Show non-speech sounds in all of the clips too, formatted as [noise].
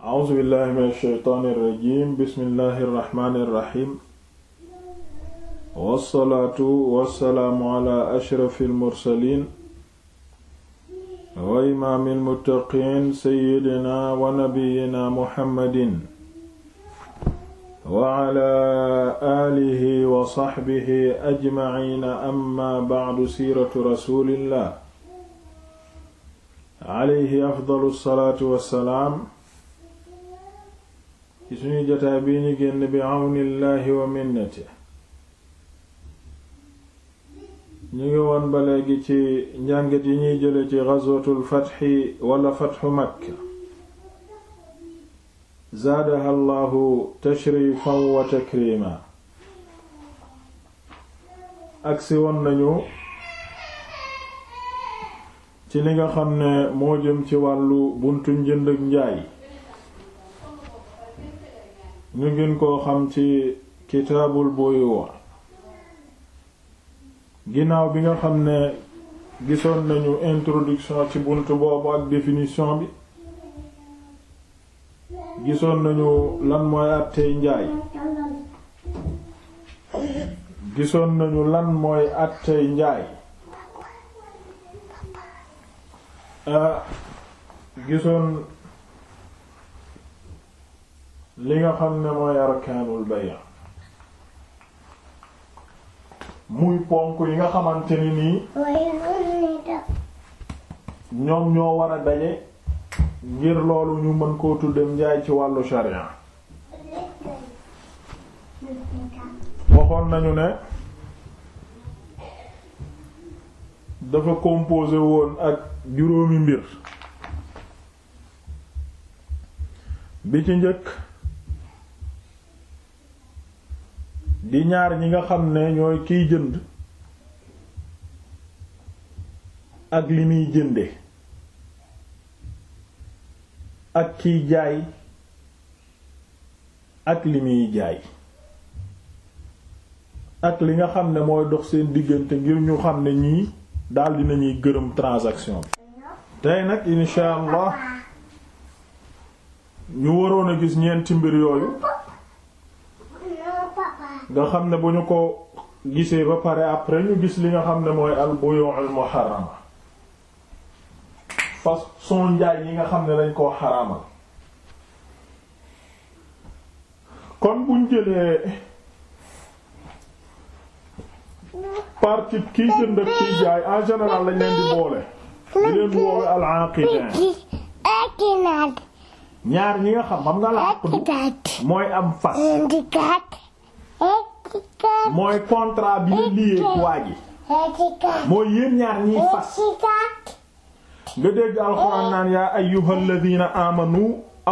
a'uuzu billahi min ash-shaytaani irrajim bismillahi irrahmaani irrahim wassalaatu wassalaamu ala ashrafi almursalin wa imaami almuttaqiin sayyidina wa nabiyina muhammadin wa ala aalihi wa saxbihi ajmaciina amma bacdu siiratu rasulillah alayhi afdalu salaatu wassalaam ci suñu jotaay bii ñu génn bi àwnillaahi wa minnati ñu ngi woon ba léegi ci njàngat yi ñuy jële ci ghazwatul fatxi wala fatxu makka zaadaha allahu tashrifan wa takrima agsi woon nañu ci li nga xam ne moo jëm ci wàllu buntu njënd ak njaay ñu gën koo xam ci kitaabul buyuu ginnaaw bi nga xam ne gisoon nañu introduction ci bunt boobu ak définition bi gisoon nañu lan mooy àttey njaay gisoon nañu lan mooy àttey njaay ah, gisoon li nga xam ne mooy arkaanul bay' muy ponk yi nga xamante ni nii ñoom ñoo war a daje ngir loolu ñu mën koo tuddem njaay ci wàllu sharia waxoon nañu ne dafa composé woon ak juróomi mbir bi ci njëkk ci ñaar ñi nga xam ne ñooy kiy jënd ak li muy jënde ak kiy jaay ak li muy jaay ak li nga xam ne mooy dox seen diggante ngir ñu xam ne ñii daldi nañuy gërëm transaction bi tey nag insha allah ñu waroon a gis ñeenti mbir yooyu nga xam ne bu ñu ko gisee ba pare après ñu gis li nga xam ne mooy al buyu' al muharrama façon njaay yi nga xam ne dañ koo xaraamal kon buñ jëlee partie kiy jënd ak kiy jaay en général lañ leen di boole di leen boole al mooy am fas mooy contrat bi la lié waa ji mooy yéen ñaar ñiy fas nga dégg alxuraan oh. yaa ayyuhal amanu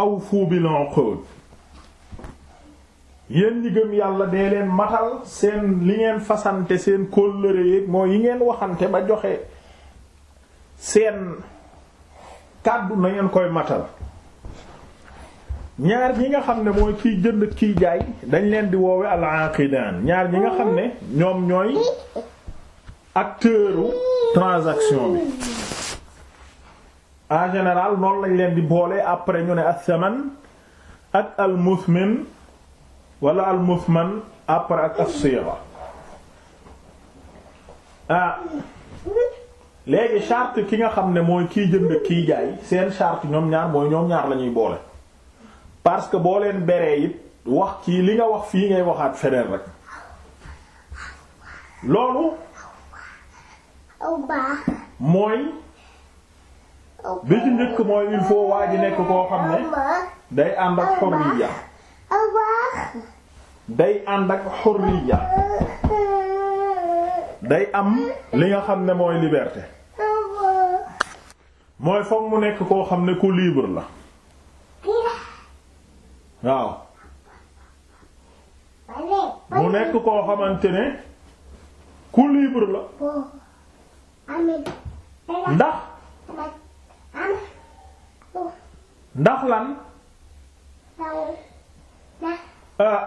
awfu bil uqud yéen ñi yàlla dee leen matal seen li ngeen fasante seen kóllëre yeeg mooy yi ngeen waxante ba joxe seen kàddu na ngeen koy matal ñaar ñi nga xam ne mooy kiy jënd kiy jaay dañ leen di woowe al aqidaan ñaar ñi nga xam ne ñoom ñooy acteur u transaction bi en général noonu lañ leen di boole après ñu ne as-saman ak al muthmin wala al muthman après ak as-sigha ah, léegi charte ki nga xam ne mooy kiy jënd kiy jaay seen chart ñoom ñaar mooy ñoom ñaar la ñuy boole parce que boo leen baree it wax kii li nga wax fii ngay waxaat feneen rek loolu mooy bi ci njëkk mooy il nekk koo xam ne day ànd ak xurriya day ànd ak xurriya day am li nga xam ne mooy liberté mooy foog mu nekk koo xam ne ku libre la waaw nekk koo xamante ne ku libre la ndax ndax lan ah,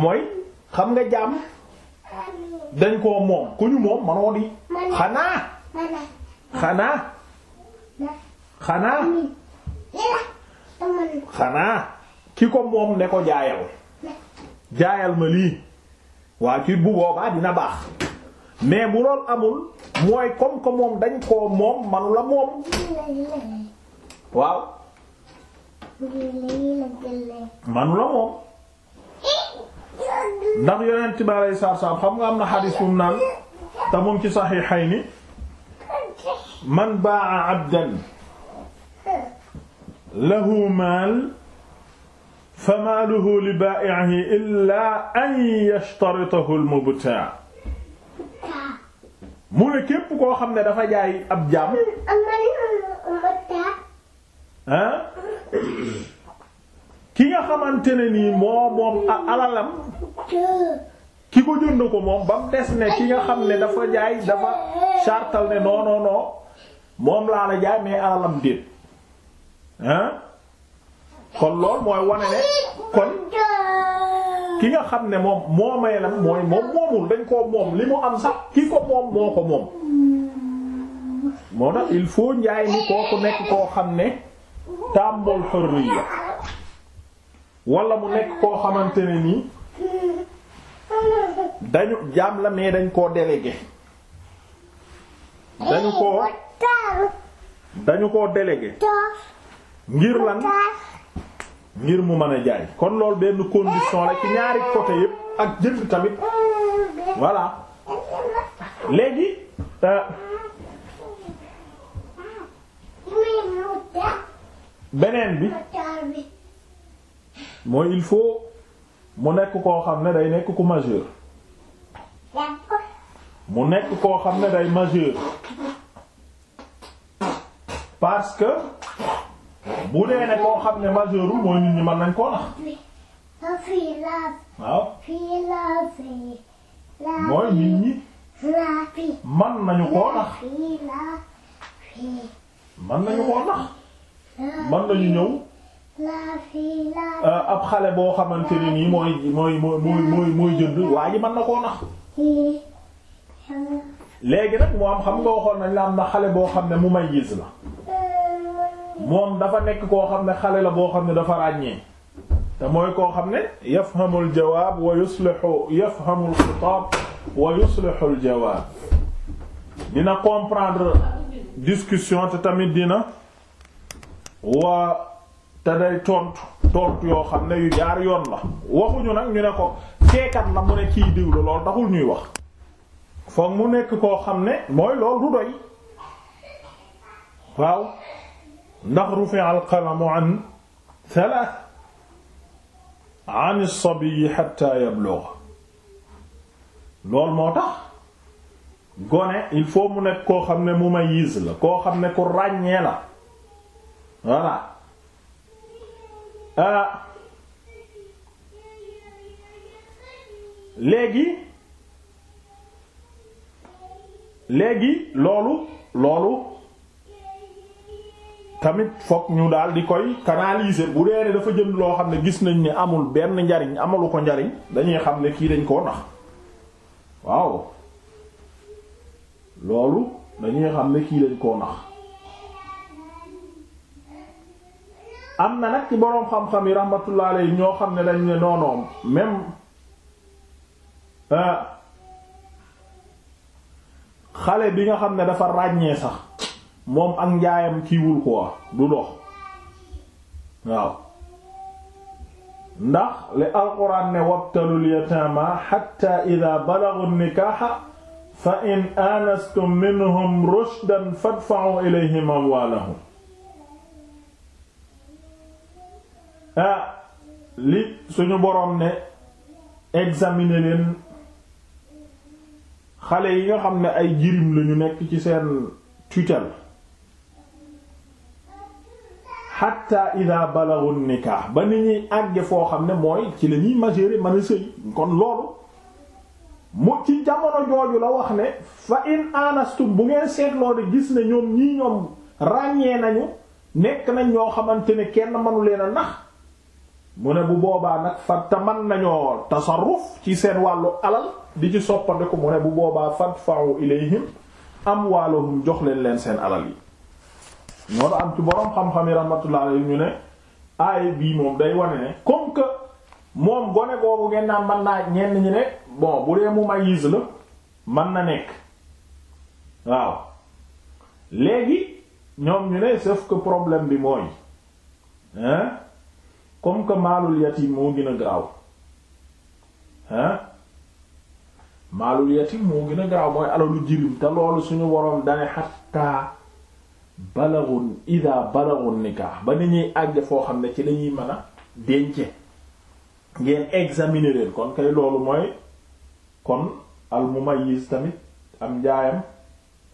mooy xam nga jàmm dañ koo moom ku ñu moom manoo di xanaa xanaa xanaa xanaa ki ko moom ne ko jaayal jaayal ma lii waa ci bu boobaa dina baax mais bu loolu amul mooy comme que moom dañ koo moom manu la moom waaw manu la moom ndax yonent bi alayhi salaatu salaam xam nga am na xadiis bu mu naan te mu ci saxiixayni man baa'a abdan lahu maal famaaluhu li baa'ihi illaa an yashtaritahu al mu ne képp koo xam ne dafa jaay ab jaam ah ki nga xamante ne nii moo moom alalam ki ko jënd ko moom ba mu ne ki nga xam ne dafa jaay dafa chartal ne non non non moom laa la jaay mais alalam déet ah. kon lool mooy wane ne kon ki nga xam ne moom moo may lan mooy moom moomul dañ koo moom li mu am sax ki ko moom moo ko moom moo tax il faut njaay ni kooku nekk koo xam ne tàmbul hurriya wala mu nekk koo xamante ne nii dañu jaam la mais dañ koo délégué dañu ko dañu koo délégué ngir lan ngir mu mën a jaay kon loolu benn condition la ci ñaari côté yépp ak jënd tamit voilà léegi euh, beneen bi mooy il faut mu nekk koo xam ne day nekk ku majeur mu nekk koo xam ne day majeur parce que bu dee ne koo xam ne majeurul mooy nit ñi man nañ koo nax waaw mooy nit ñi man nañu koo nax mën nañu koo nax mën nañu ñëw euh, ab xale boo xamante ne nii mooy mooy mooy mooy mooy jënd waa ji mën na koo nax léegi nag moo am xam nga waxoon nañ la am na xale boo xam ne mu may gis la moom dafa nekk koo xam ne xale la boo xam ne dafa ràññee te mooy koo xam ne yafhamu aljawaab wa yuslihu yafhamu alxitaab wa yuslihu aljawaab dina comprendre discussion te tamit dina waa te day tontu tontu yoo xam ne yu jaar yoon la waxuñu nag ñu ne ko keekat la mu ne ciy diw la taxul ñuy wax foog mu nekk koo xam ne mooy loolu du doy waaw ndax rufi alqalamu an thalath an as-sabi hatta yablugh loolu moo tax gone il faut mu nekk koo xam ne mumayyiz la koo xam ne ku ràññee la voilà euh, léegi léegi loolu loolu tamit fokk ñu daal di koy canaliser bu dee ne dafa jënd loo xam ne gis nañ ne amul benn njariñ amalu ko njariñ dañuy xam ne kii dañ koo nax waaw loolu dañuy xam ne kii dañ koo nax am na nag ci boroom xam-xam yi rahmatullah alayhi ñoo xam ne dañ ne noonoom même euh, xale bi nga xam ne dafa ràññee sax moom ak njaayam kiiwul quoi du dox waaw ndax li alquran ne wabtalul yataama hatta idha balaghu an fa in anastum minhum rushdan fadfa'u ilayhim amwaalahum ah li suñu boroom ne examiner leen xale yi nga xam ne ay jirim lañu nekk ci seen tutelle xatta ida balagu nikah ba ni ñuy àgge foo xam ne mooy ci la ñuy majeur mën a sëy kon loolu mu ci jamono jooju la wax ne fa in anastum bu ngeen seetloo de gis ne ñoom ñii ñoom ràññee nañu nekk nañ ñoo xamante ne kenn mënu leen a nax mu ne bu boobaa nag fa te mën nañoo tasarruf ci seen wàllu alal di ci soppandiku mu ne bu boobaa fadfa'u ilayhim mu jox leen leen seen alal yi noonu am ci borom xam-xam yi rahmatullah alayhi ñu ne aay bii moom day wane ne comme que moom gone boobu ngeen naan mën naa ñenn ñi ne bon bu dee mu mayis la man na nekk waaw léegi ñoom ñu ne sauf ko problème bi mooy hein comme que maalul yatim moo gën a garaaw hein maalul yatim moo gën a garaaw mooy alalu jirim te loolu suñu waroon dane xattaa balaghun idha balaghun nikah ba ni ñuy àgg foo xam ne ci lañuy mën a dence ngeen examiner leen kon kay loolu mooy kon al mumayyiz tamit am njaayam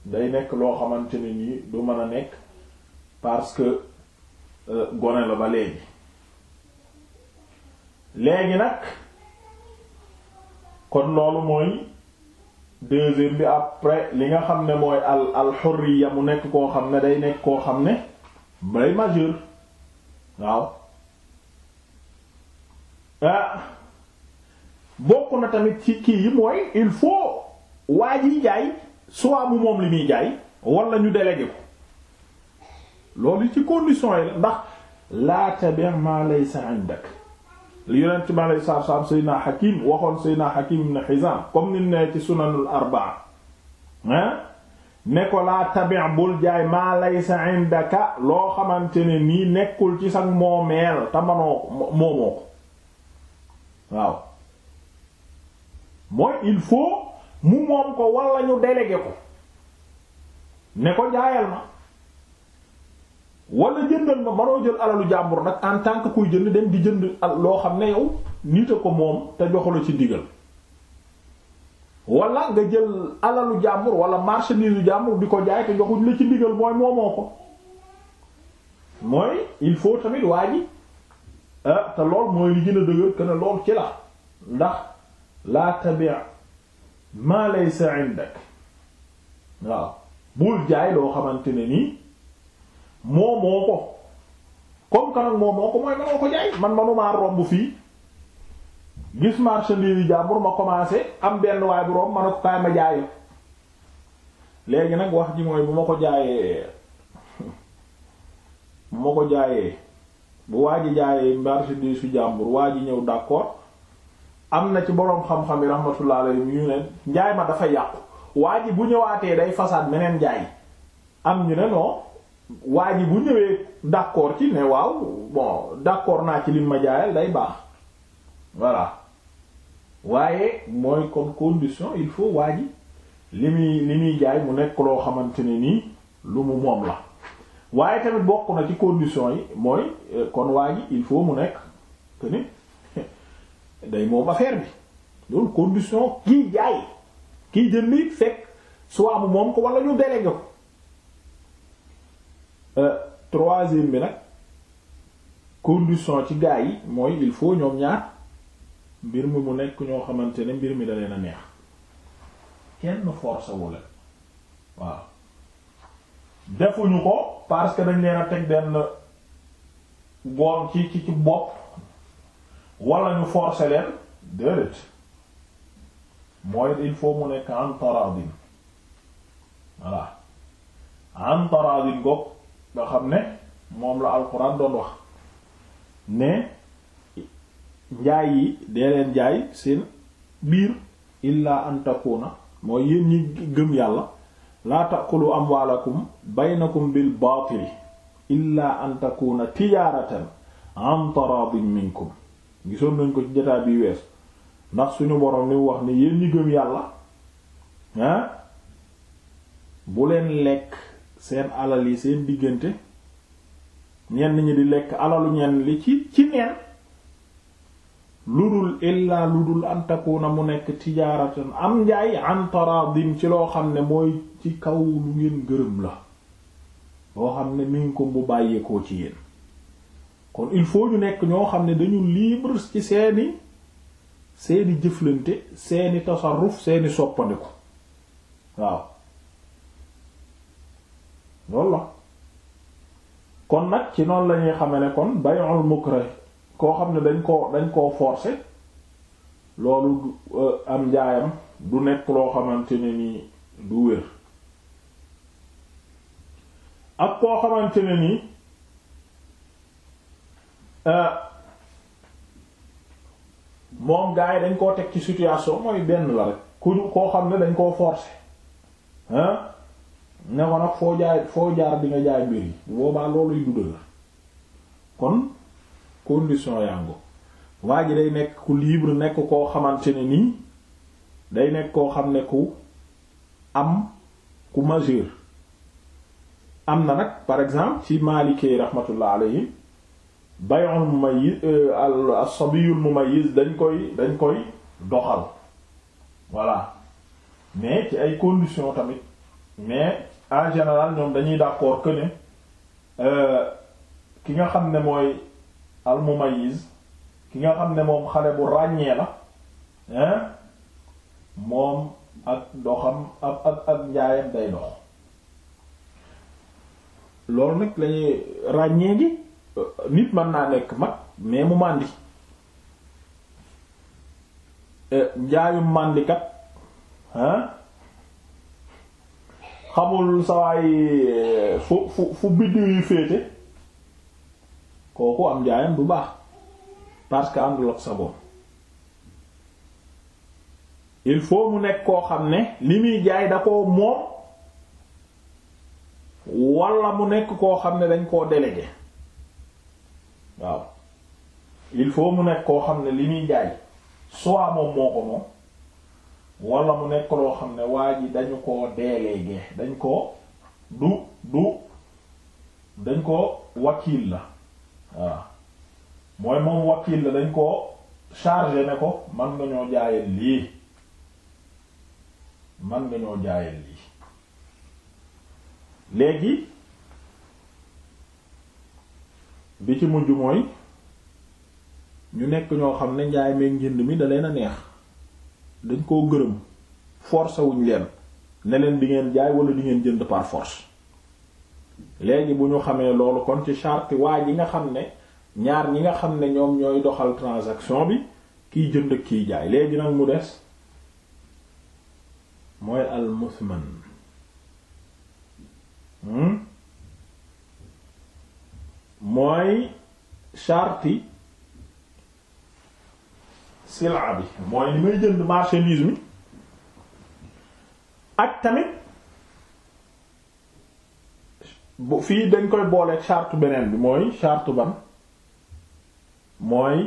day nekk loo xamante ne nii du mën a nekk parce que euh, gone la ba léegi léegi nag kon loolu mooy deuxième bi après li nga xam ne mooy al al xurriya mu nekk koo xam ne day nekk koo xam ne day majeur waaw ah. bokk na tamit ci kii yi mooy il faut waa jiy jaay soit mu moom li muy jaay wala ñu délégué ko loolu ci condition yi la ndax laa tabi' ma laysa 'indak li yonent bi alayhi salaatu salaam Seydina Hakim waxoon Seydina Hakim ibn Hizam comme ni ne ci sunanul arbaa ne ko laa tabi' bul jaay maa laysa loo xamante ne nii nekkul ci sax moomeel te manoo moomoo ko waaw mooy il faut mu moom ko wala ñu délégué ko ne ko jaayal ma wala jëndal ma manoo jël alalu jàmbur nag en tant que kuy jënd dem di jënd loo xam ne yow nit a ko moom te joxula ci ndigal wala nga jël alalu jàmbur wala marchandise jàmbur di ko jaay te joxuñ ci ndigal mooy moomoo ko mooy il faut tamit waa ji ah, te lool mooy li gën dëgër que lool ci la ndax laa tabi' ma laysa 'indak waaw bul jaay loo xamante ne nii moo moo ko comme que nag ko mooy mënoo ko jaay man manumaa romb fii gis marchandise yi jàmbur ma commencé am benn waay bu romb ma ne ko kaay ma jaay léegi nag wax ji mooy bu ma ko jaayee bu ma ko jaayee bu waa ji jaayee marchandise su jàmbur waa ji ñëw d'accord am na ci boroom xam-xam yi rahmatullah alayhi yu ne njaay ma dafa yàqu waa ji bu ñëwaatee day façade meneen njaay am ñu ne non waa ji bu ñëwee d'accord ci ne waaw bon d'accord naa ci lim ma jaayal day baax voilà waaye mooy comme condition il faut waa ji li muy li muy jaay mu nekk loo xamante ne nii lu mu moom la waaye tamit bokk na ci condition yi mooy euh, kon waa ji il faut mu nekk que ni [laughs] day moom affaire bi loolu condition kiy jaay kiy jënd fekk soit mu moom ko wala ñu délégué Euh, troisième bi nag condition ci gaa yi mooy il faut ñoom ñaar mbir mi mu nekk ñoo xamante ne mbir mi da leen a neex kenn force wala waaw defuñu ko parce dañ leen a teg benn boom ci ci ci bopp wala ñu forcer leen déedéet mooy il faut mu nekk an taradin voilà an nga xam ne moom la alxuraan doon wax ne njaay yi dee leen jaay seen biir illaa an takuna mooy yéen ñi gëm yàlla laa takulu amwaalakum baynakum bil baatili illaa antaku takuna tijaaratan an taraadin minkum gisoon nañ ko ci jotaay bi wees ndax suñu boroom ni wax ne yéen ñi gëm yàlla ah bu leen lekk seen alal yi seen diggante ñenn ñi di lekk alalu ñenn li ci ci neen lu dul illaa lu dul an takuna mu nekk tijaaratan am njaay an ci loo xam ne mooy ci kaw lu ngeen gërëm la loo xam ne mi ko bu bàyyeekoo ci yéen kon il faut ñu nekk ñoo xam ne dañu libre ci seeni seeni jëflante seeni tasarruf seeni soppandiku waaw loolu la kon nag ci noonu lañuy xame ne kon bay'ul mukrah koo xam ne dañ koo dañ koo forcer loolu euh, am njaayam du nekk loo xamante ne nii du wér ak koo xamante ne nii euh, moom gars yi dañ koo teg ci situation mooy benn la rek ku koo xam ne dañ koo forcer hein ne ko nag foo jaay foo jaar bi nga jaay mbir yi boobaa looluy dund la kon condition yango waa ji day nekk ku libre nekk koo xamante ne nii day nekk koo xam ne ku am ku majeur am na nag par exemple ci maalikee rahmatullah alayhim bay'ul mumayyiz mu euh, ma mumayyiz dañ koy dañ koy doxal voilà mais ci ay condition tamit mais en général ñoom dañuy d'accord que euh, ki nga xam ne mooy almumayiz ki nga xam ne moom xale bu ràññee la hein moom ak doxam ak ak ak njaayam day dox loolu nag lañuy ràññee gi euh, nit mën naa nekk mag mais mu màndi euh, njaayum màndikat hein xamul sawaay fu fu fu biddiw yi féete kooku am jaayam bu baax parce que àndul ak sa bopp il faut mu nekk koo xam ne li muy jaay da koo moom walla mu nekk koo xam ne dañ koo délégué waaw il faut mu nekk koo xam ne li muy jaay soit moom moo ko moom wala mu nekk loo xam ne waa ji dañu koo délégué dañ ko du du dañ ko wakiil la waaw mooy moom wakiil la dañ ko chargé ne ko man nga ñoo jaayal lii man nga ñoo jaayal lii léegi bi ci mujj mooy ñu nekk ñoo xam ne njaay meek njënd mi da leen neex dañ koo gërëm forcé wuñ leen ne bi ngeen jaay wala di ngeen jënd par force léegi bu ñu xamee loolu kon ci charte waa ji nga xam ne ñaar ñi nga xam ne ñoom ñooy doxal transaction bi kiy jënd ak kiy jaay léegi nag mu des mooy al musman hmm? mooy charte silaa bi mooy li may jënd marchandise mi ak tamit bu fii dañ koy boole charte beneen bi mooy charte ban mooy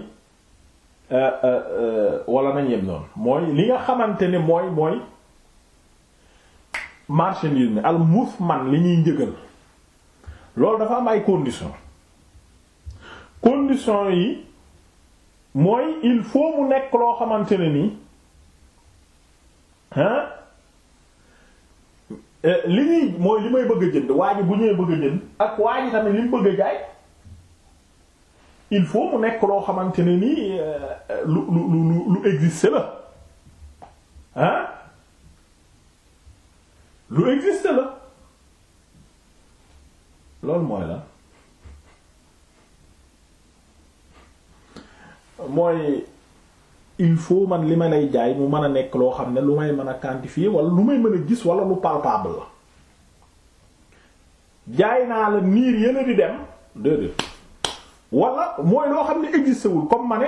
euh, euh, euh, walla nañ yem noonu mooy li nga xamante ne mooy mooy marchandise mi al muthman li ñuy njëgal loolu dafa am ay conditions conditions yi mooy il faut mu nekk loo xamante ne nii hein eh, li ñuy mooy li may bëgg a jënd waa bu ñuy bëgg a jënd ak waa tamit li mu bëgg a jaay il faut mu nekk loo xamante ne nii eh, lu lu lu lu existe la hein lu existe la loolu mooy la mooy il faut man li ma lay jaay mu mën a nekk loo xam ne lu may mën a quantifier wala lu may mën a gis wala lu palpable la jaay naa la niir yële di dem déedéet wala mooy loo xam ne existé wul comme ma ne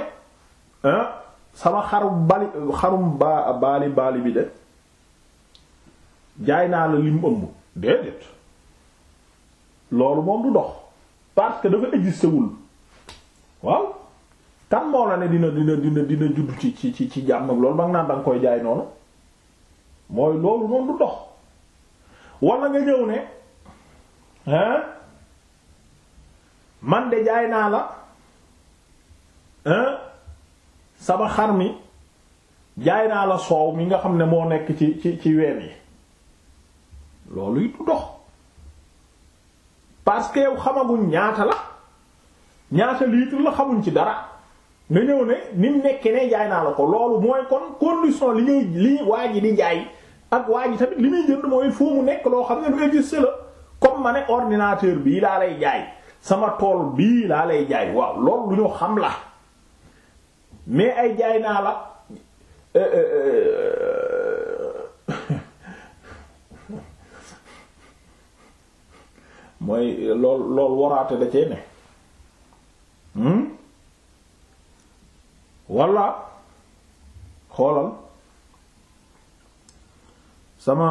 sama xarum bali xarum ba baali baali bi de jaay naa la lim ëmb déedéet loolu moom du dox parce que dafa existé wul waaw kan moo la ne dina dina dina dina judd ci ci ci ci jàmm loolu ba nga naan da nga koy jaay noonu mooy loolu noonu du dox wala nga ñëw ne hein man de jaay naa la hein sama xar mi jaay naa la soow mi nga xam ne moo nekk ci ci ci ween yi loolu it du dox parce que yow xamaguñ ñaata la ñaata litre la xamuñ ci dara nga ñëw ne ni mu nekkee ne jaay naa la ko loolu mooy kon condition li ngay li waa ji di jaay ak waa tamit li may jënd mooy foo mu nekk loo xam ne lu existé la comme ma bii laa lay sama tool bii laa lay jaay waaw ñu xam la mais ay jaay naa la euh, euh, euh, [laughs] mooy lool lool waraate ne hmm? walla xoolal sama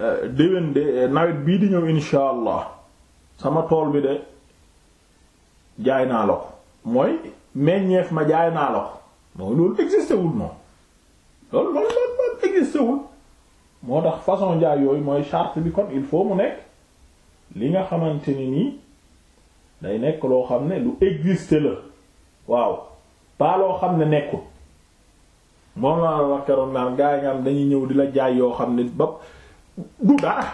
euh, déwén de euh, nawet bii di ñëw insha allah sama tool bi de jaay naa la ko mooy meññeef ma jaay naa la ko mooy loolu existé wul moom loolu loolu loolu existé wul moo tax façon jaay yooyu mooy chart bi kon il faut mu nekk li nga xamante ni nii day nekk loo xam ne lu existé la waaw pas loo xam ne nekkul moom laa la wax keroog naan gaa yi nga xam dañuy ñëw di la jaay yoo xam ne ba du dara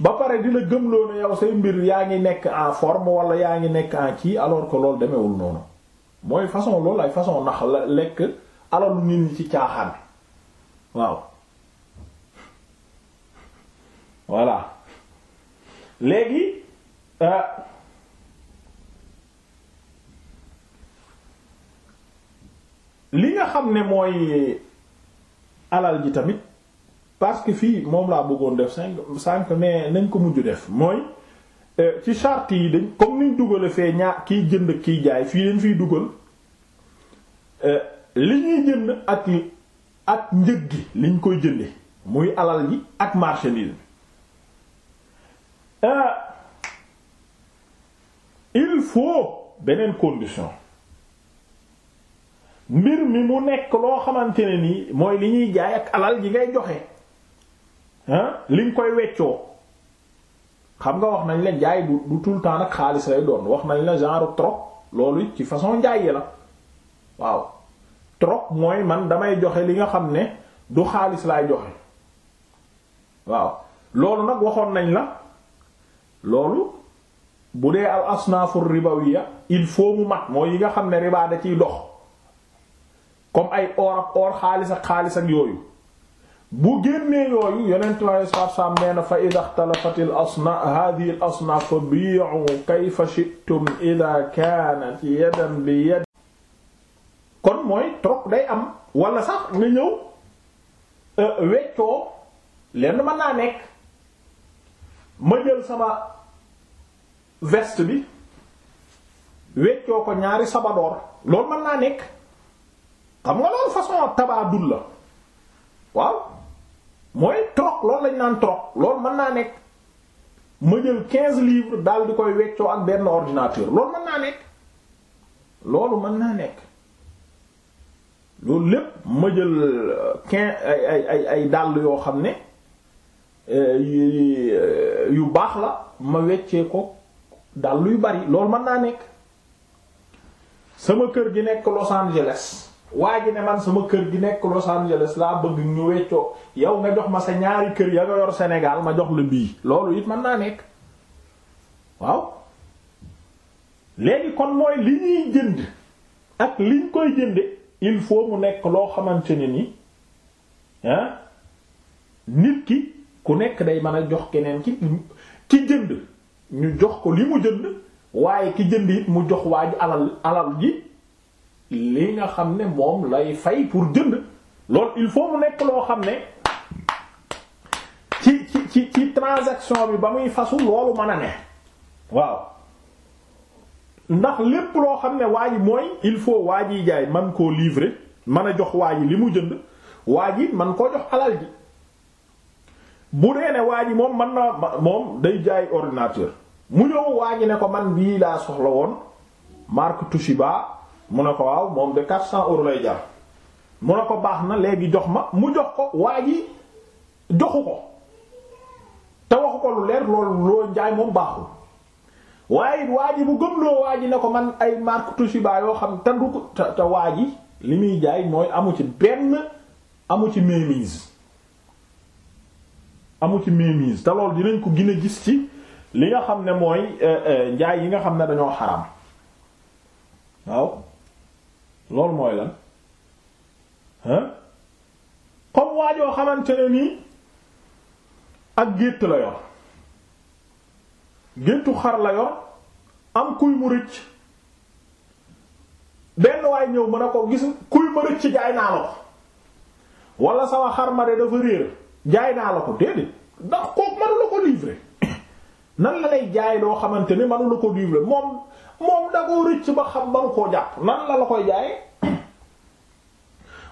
ba pare di la gëmloo ne yow say mbir yaa ngi nekk en forme wala yaa ngi nekk en ci alors que loolu demewul noonu mooy façon loolu ay façon nax la lekk alalu nit ñi ci caaxaan waaw voilà léegi. Euh, li nga xam ne mooy alal ji tamit parce que fii moom laa bëggoon def cinq cinq mais nañ ko mujj def mooy euh, ci charte yi dañ comme niñ dugale fee ñaar kiy jënd kiy jaay fii dañ fiy dugal euh, li ñuy jënd ak ak njëg gi liñ koy jënde muy alal ji ak marchandise bi euh, il faut beneen condition mbir mi mu nekk loo xamante ne nii mooy li ñuy jaay ak alal yi ngay joxe ah li nga koy weccoo xam nga wax nañ la jaay du du tout le temps xaalis lay doon wax nañ la genre trop loolu ci façon jaay yi la waaw troc mooy man damay joxe li nga xam ne du xaalis laay joxe waaw loolu nag waxoon nañ la loolu bu dee al asnaafur ribawiya il faut mu mat mooy yi nga xam ne riba da ciy dox. comme ay or ak or xaalis ak yooyu bu génnee yooyu yonent bi alayhi salaatu salaam nee na fa idaa ixtalafat al asnaaf haadihi fa bii'u kayfa shi'tum idaa kaanat yadan bi yad kon mooy troc day am wala sax nga ñëw euh, weccoo lenn mën naa nekk ma jël sama veste bi weccoo ko ñaari sabadoor loolu mën naa nekk xam nga loolu façon tabaadul la waaw mooy troc loolu lañ naan trop loolu mën naa nekk ma jël quinze livres daal di koy weccoo ak benn ordinateur loolu mën naa nekk loolu mën naa nekk loolu lépp ma jël euh, quinze ay ay ay ay dàll yoo xam ne euh, yu baax la ma weccee ko dàll yu bari loolu mën naa nekk sama kër gi nekk Los Angeles waa ji ne man sama kër gi nekk Los Angeles laa bëgg ñu weccoo yow nga jox ma sa ñaari kër ya senegal ma jox la bii loolu it mën naa nekk waaw léegi kon mooy li ñuy jënd ak liñ koy jënde il faut mu nekk loo xamante ne ni nit ki ku nekk day mën a jox keneen ki ki jënd ñu jox ko li mu jënd waaye ki jënd it mu jox waa alal alal ji li nga xam ne moom lay fay pour jënd lool il faut mu nekk loo xam ne ci ci ci ci transaction bi ba muy fasu loolu mën a ne waaw ndax lépp loo xam ne waa ji mooy il faut waa jiy jaay man koo livre mën a jox waa li mu jënd waaji man koo jox alal ji bu dee ne waa ji moom man na moom day jaay ordinateur mu ñëw waa ne ko man bii laa soxla woon marque Toshiba mu ne ko waaw moom de 400 euros lay jar mu ne ko baax na léegi jox ma mu jox ko waa ji joxu ko te waxu ko lu leer loolu loo njaay moom baaxul waaye waa ji bu gëmloo waa ji ne ko man ay marque Toshiba yoo xam te du ko te waa ji li muy jaay mooy amu ci benn amu ci mainmise amu ci mainmise te loolu dinañ ko gën a gis ci li nga xam ne mooy euh, euh, njaay yi nga xam ne dañoo xaram waaw loolu mooy lan hein comme waajoo xamante ne nii ak gétt la yor géttu xar la yor am kuy mu rëcc benn waay ñëw mën a ko gis kuy ma rëcc jaay naa la ko wala sama xar ma de dafa réer jaay naa la ko déedéet ndax kooku mënu la ko livrer [coughs] nan la lay jaay loo xamante ni mënu ko livrer moom moom da koo rëcc ba xam ba nga koo jàpp nan la la koy jaaye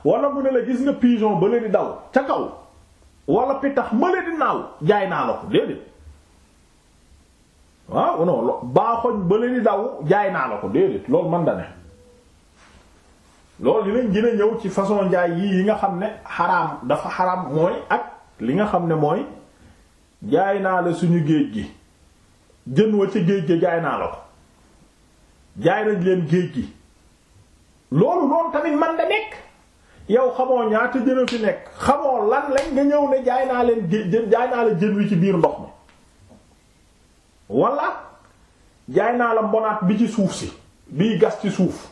wala mu ne la gis nga pigeon ba leen di daw ca kaw wala pitax ma leen di naaw jaay naa la ko déedéet ba daw jaay naa la ko déedéet loolu man da loolu dinañ gën ñëw ci façon jaay yi yi nga xam ne xaraam dafa xaraam mooy ak li nga xam ne mooy jaay naa la suñu géej gi jën wa ci géej gi jaay naa la ko jaay nañ leen géej gi loolu loolu tamit man da nekk yow xamoo ñaata jën fi nekk xamoo lan lañ nga ñëw ne jaay naa leen jën jaay naa la jën wi ci biir ndox mi wala jaay naa la mbonaat bi ci suuf si biy gas ci suuf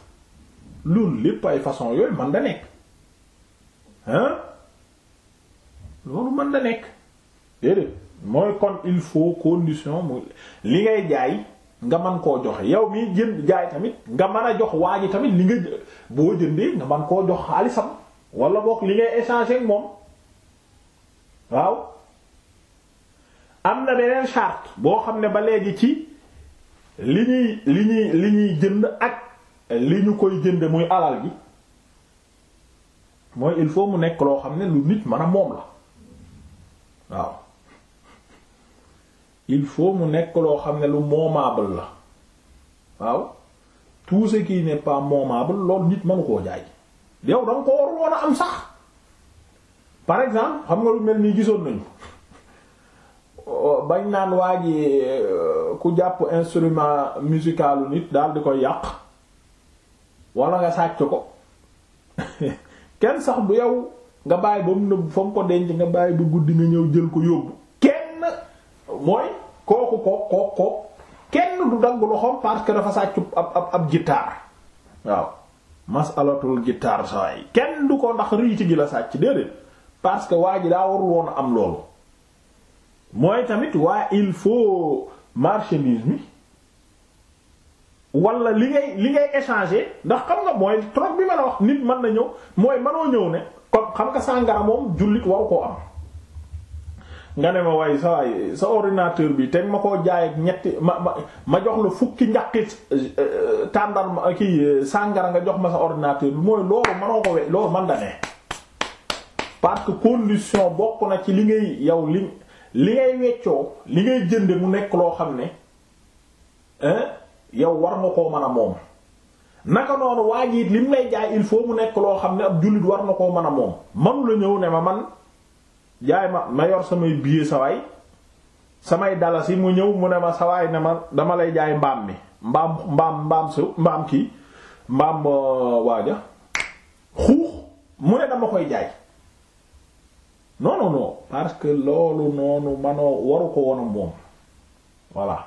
loolu lépp ay façon yooyu man da nekk hein loolu man da nekk déedéet mooy kon il faut condition mu li ngay jaay nga man koo joxe yow mi jënd jaay tamit nga mën a jox waa ji tamit li nga boo jëndee nga man koo jox xaalisam wala boog li ngay échanger moom waaw am na beneen charte boo xam ne ba léegi ci li ñuy li ñuy li ñuy jënd ak li ñu koy jënd muy alal gi mooy il faut mu nekk loo xam ne lu nit mën a moom la waaw il faut mu nekk loo xam ne lu moomable la waaw tout ce qui n'est pas moomable loolu nit mënu koo jaay yow da nga ko warul a am sax par exemple xam nga lu mel ni gisoon nañu oh, bañ naan waa ji euh, ku jàpp instrument musicalu nit daal di koy yàq wala nga sàcc ko [laughs] kenn sax bu yow nga bàyyi ba mu nëbb fa mu ko denc nga bàyyi bu guddi nga ñëw jël ko yóbbu kenn mooy kooku ko ko ko kenn du dagg loxoom parce que dafa sàccu ab ab ab waaw masalatul guitare saa kenn du ko ndax riiti gi la sàcc déedéet parce que waa ji daa warul woon am loolu mooy tamit waa il faut marchandise mi wala li ngay li ngay échanger ndax xam nga mooy troc bi ma la wax nit mën na ñëw mooy mënoo ñëw ne comme xam nga sàngara moom jullit waru koo am. nga ne ma way sa waay sa ordinateur bi te ma koo jaay ak ñetti ma ma ma jox la fukki njaqi euh, tàndarma kii euh, sàngara nga jox ma sa ordinateur bi mooy loolu mënoo ko we loolu man da ne parce que condition bokk na ci li ngay yow li li ngay weccoo li ngay jënde mu nekk loo xam ne yow war nga koo mën a moom naka noonu waa ji li mu lay jaay il faut mu nekk loo xam ne ab jullit war na koo mën a moom manu ñëw ne ma man jaay ma ma yor samay billet sawaay samay dalasi mu ñëw mu ne ma sawaay ne ma dama lay jaay mbaam mi mbaam mbaam mbaam su mbaam kii mbaam euh, waaja xuux mu ne dama koy jaay non non parce que loolu noonu manoo waru ko woon moom voilà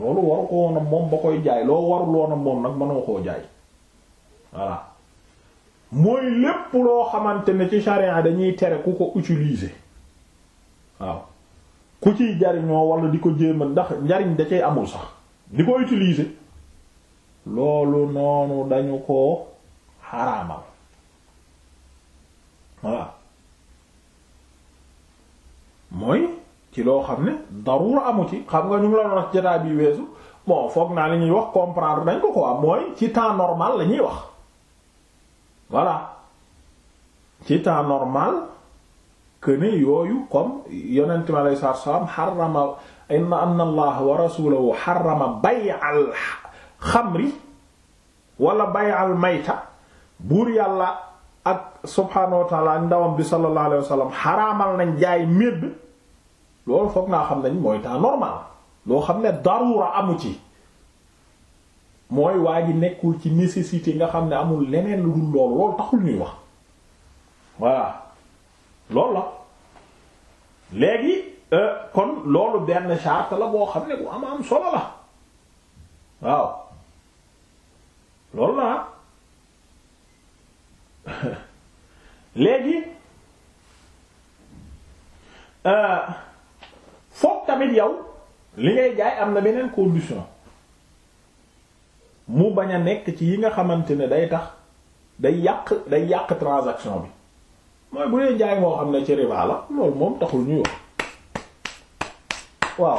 loolu waru ko woon moom ba koy jaay loo warul woon moom nag manoo koo jaay voilà mooy lépp loo xamante ne ci charia dañuy tere ku ko utiliser waaw ku ciy jariñoo walla di ko jéem ndax njariñ da cay amul sax di ko utiliser loolu noonu dañu ko xaraamal voilà mooy ci loo xam ne daruura amu ci xam nga ñu ngi la doon wax jotaay bi weesu bon foog naa lañuy wax comprendre dañ ko quoi mooy ci temps normal la ñuy wax. voilà ci temps normal que ne yooyu comme yonent mi alayhi salaatu wa salaam xarama inna anna allaha wa rasulahu xarama bay'al xamri wala bay'al mayta buur yàlla ak subhaanahu wa ndawam bi sallallahu alayhi wa sallam xaraamal nañ jaay médd loolu foog naa xam nañ mooy temps normal loo xam ne daruura amu ci mooy waa ji nekkul ci nécessité nga xam ne amul leneen lu dul loolu loolu taxul ñuy wax waa loolu la léegi euh, kon loolu benn charte la boo xam ne bu am am solo la waaw loolu la [laughs] léegi euh, foog tamit yow li ngay jaay am na beneen condition mu bañ a nekk ci yi nga xamante ne day tax day yàq day yàq transaction bi mooy bu dee jaay moo xam ne ci riba la loolu moom taxul ñuy wax waaw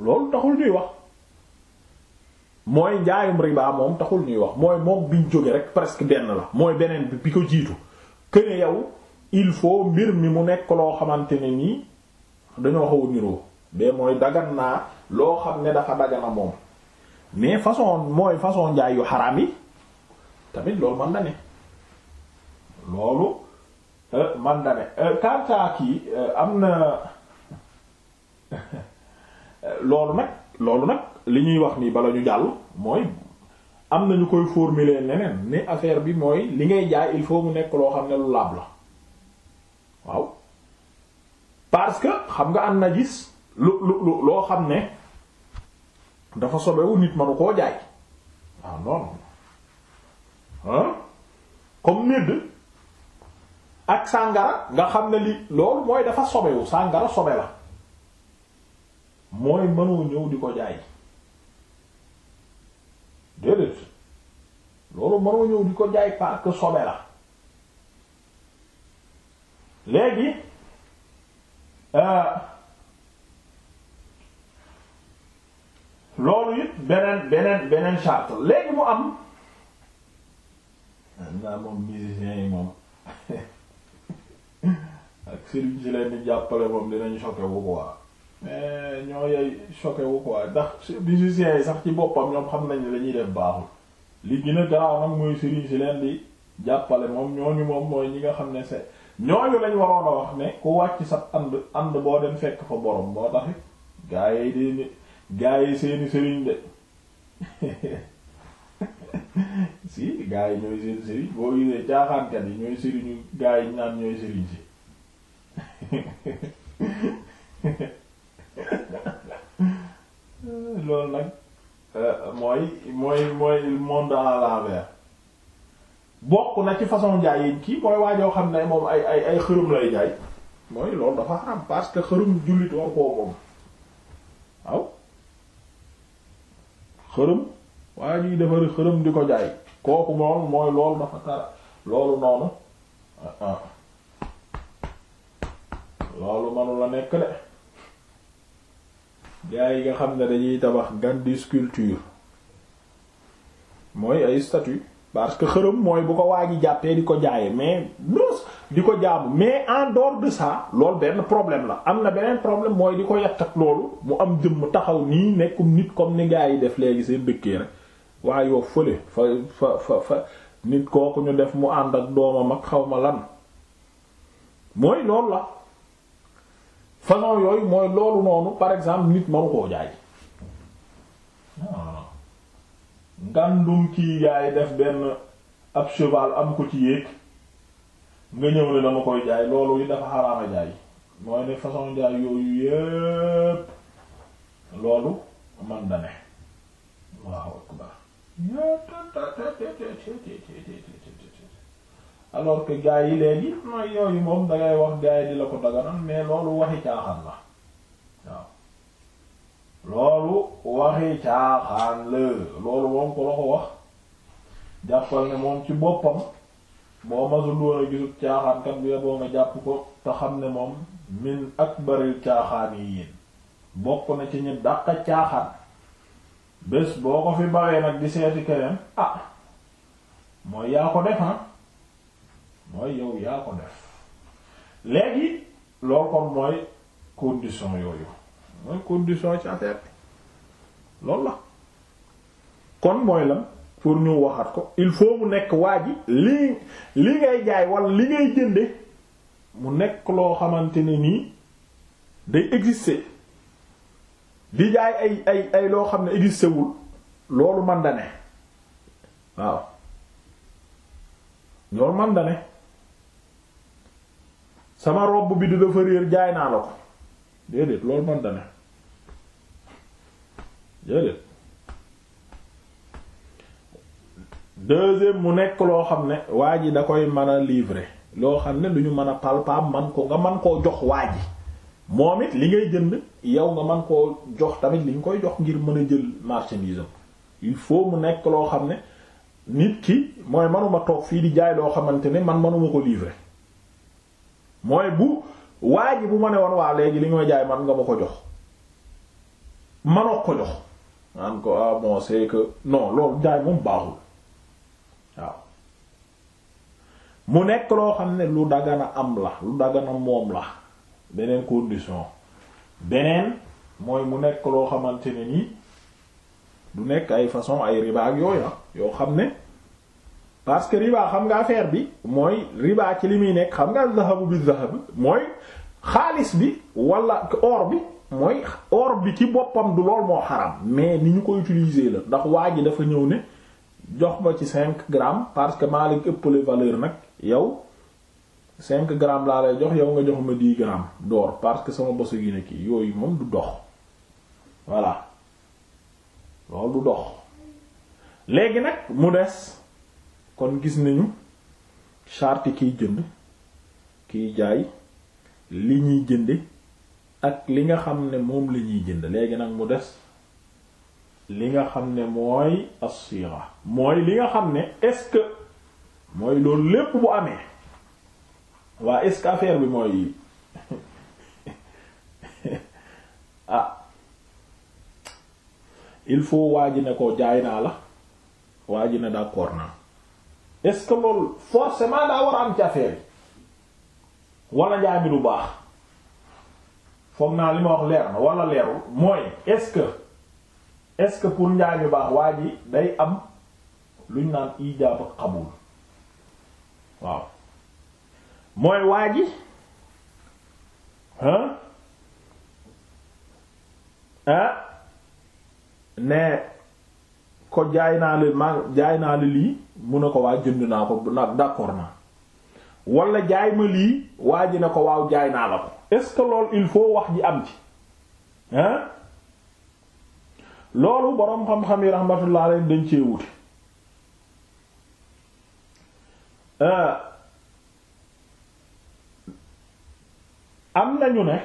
loolu taxul ñuy wax mooy njaayum riba moom taxul ñuy wax mooy moom biñ jóge rek presque benn la mooy beneen bi bi ko jiitu këne yow il faut mbir mi mu nekk loo xamante ne nii dañoo xaw niroo mais mooy dagan naa loo xam ne dafa dagana moom mais façon mooy façon njaay yu xaraam yi tamit loolu man da ne loolu euh, man da euh, yi euh, am na [laughs] loolu nag loolu nag li ñuy wax nii bala ñu jàll mooy am na ñu koy formuler neneen ni affaire bi mooy li ngay jaay il faut mu nekk loo xam ne lu laab la waaw parce que xam nga am na gis lu lu loo xam ne dafa sobewu nit manu koo jaay ah non ah comme nédd ak sàngara nga xam ne li loolu mooy dafa sobewu sàngara sobe la mooy mënoo ñëw di ko jaay déedéet loolu mënoo ñëw di ko jaay parce sobe la léegi euh, loolu it beneen beneen beneen charte léegi mu am naa moom musiciens yi moom [laughs] ak sëriñ si leen di jàppale moom dinañ choqué wu quoi mais ñoo yey choqué wu quoi ndax musiciens yi sax ci boppam ñoom xam nañ lañuy def baaxul li gën a garaaw nag mooy sëriñ si leen di jàppale moom ñooñu moom mooy ñi nga xam ne c'est ñooñu lañ waroon a wax ne ku wàcc sax ànd ànd boo dem fekk fa borom moo taxit gaa yi di gaa yi seeni sëriñ de [laughs] si gaa yi ñooy seen sëriñ boo gisee caaxaankat yi ñooy sëriñu gaa yi naan ñooy sëriñ si [laughs] loolu nag euh, mooy mooy mooy monde à l'envers bokk na ci façon jaay yi kii mooy waajoo xam ne moom ay ay ay xërum lay jaay mooy loolu dafa xaram parce que xërum war koo moom xërëm waaye ñuy defari xërëm di ko jaay kooku moom mooy loolu dafa tara loolu noonu ah ah loolu manu nekk de gaa yi nga xam ne dañuy tabax gandi sculpture mooy ay statue parce que xërëm mooy bu ko waaji jàppee di ko jaay mais bros di ko jaamu mais en dehors de ça loolu benn problème la am na beneen problème mooy di ko yàtt ak loolu mu am jëmm taxaw nii nekkum nit comme ni gaa yi def léegi seen dëkkee rek waaye yow fële fa fa fa fa nit kooku ñu def mu ànd ak doomam ak xaw ma lan mooy loolu la façon yooyu mooy loolu noonu par exemple nit manu koo jaay ah. ngandum kii gaa yi def benn ab cheval am ko ci yéeg nga ñëw ne dama koy jaay loolu yi dafa xaraama jaay mooy ne façon jaay yooyu yépp loolu man da ne waaw akbar alors que gaa yi léegi mooy yooyu moom dangay wax gaa yi di la ko daganal mais loolu waxi caaxaan la waaw loolu waxi caaxaan la loolu moom ko la ko wax jàppal ne moom ci boppam boo masul woon a gisul caaxaankat bi boo nga jàpp ko te xam ne moom min akbaril caaxaan yi yéen bokk na ci ñi dàq caaxaan bés boo ko fi bawee nag di seeti keneen ah mooy yaa ko def ah mooy yow yaa ko def léegi loolu kon mooy condition yooyu mooy condition ci affaire loolu la kon mooy lan pour ñu waxat ko il faut mu nekk waa li li ngay jaay wala li ngay jënde mu nekk loo xamante ne nii day exister di jaay ay ay loo xam ne exister wul loolu man ne waaw loolu man sama robb bi di dafa réer jaay naa la ko déedéet loolu man da deuxième mu nekk loo xam ne waa ji da koy mën a livrer loo xam ne lu ñu mën a palpable man ko nga man koo jox waa ji moom it li ngay jënd yow nga man koo jox tamit li nga koy jox ngir mën a jël marchandise il faut mu nekk loo xam ne nit ki mooy manuma toog fii di jaay loo xamante ne man manuma ko livrer mooy bu waa ji bu ma ne woon waa léegi li nga jaay man nga ma ko jox manoo ko jox naan ko ah, loolu jaay moom baaxul waaw mu nekk loo xam ne lu daggana am la lu dagana moom la beneen condition beneen mooy mu nekk loo xamante ne ni du nekk ay façon ay riba ak yooyu yoo xam ne parce que riba xam nga affaire bi mooy riba ci li muy nekk xam nga zahabu bi zahabu mooy xaalis bi wala or bi mooy or bi ci boppam du lool moo xaram mais ni ñu ko utiliser la ndax waa ji dafa ñëw ne. jox ma ci cinq grammes parce que maa leen ëppale valeur nag yow cinq grammes laa lay jox yow nga jox ma dix gramme door parce que sama bosa gi ne kii yooyu moom du dox voilà loolu du dox léegi nag mu des kon gis nañu charte kiy jënd kiy jaay li ñuy jënde ak li nga xam ne moom li ñuy jënd léegi nag mu des li nga xam ne mooy as-sigha mooy li nga xam ne est-ce que mooy loolu lépp bu amee waa est-ce bi mooy [laughs] ah il faut waa ji ne ko jaay naa la waa ji ne d'accord naa est-ce que loolu forcément daa war a am ci affaire yi wala njaay mi du baax foog naa li ma wax leer na wala leerul mooy est est-ce que pour njaañu baax waa ji day am luñ naan ijaab ak xabul waaw mooy waa ji hein ah ne ko jaay naa la ma jaay naa la lii mu ne ko waa jënd naa ko bu d'accord naa wala jaay ma lii waa ji ne ko waaw jaay naa la ko est-ce que loolu il faut wax ji am ci hein loolu boroom xam-xam yi rahmatullah alayhi dañ cee euh, am nañu ne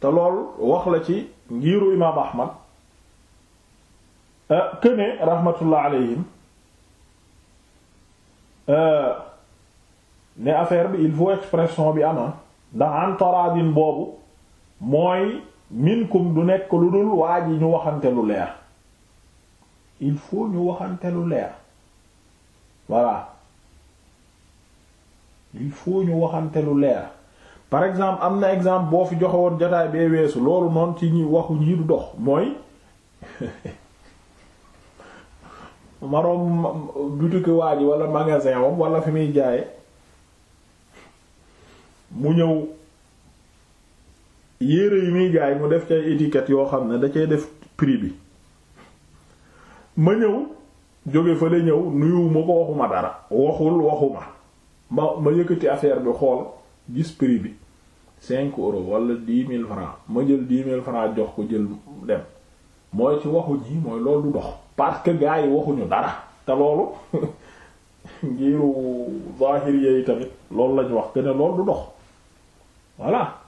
te lool wax la ci ngiiru imaam ahmad këne euh, rahmatullah alayhim euh, ne affaire bi il faut expression bi ama ah, ndax antaraadin boobu mooy minkum du nekk lu dul waa ji ñu waxante lu leer il faut ñu waxante lu leer voilà il faut ñu waxante leer par exemple am na exemple boo fi joxe woon bee weesu loolu noonu ci ñi waxu ñi dox mooy [laughs] maroom butiki waa ji wala magasin wam wala fi muy jaaye mu ñëw yére yi muy jaay mu def cay étiquette yoo xam ne da cay def prix bi ma ñëw jóge fa la ñëw nuyu ma ko waxuma dara waxul waxuma ma ma yëkkati affaire bi xool gis prix bi cinq euro wala dix mille francs ma jël dix mille francs jox ko jël dem mooy ci waxu ji mooy loolu du dox parce que gars yi waxuñu dara te loolu [laughs] ngiru zahir yi tamit loolu lañu wax que ne loolu du dox voilà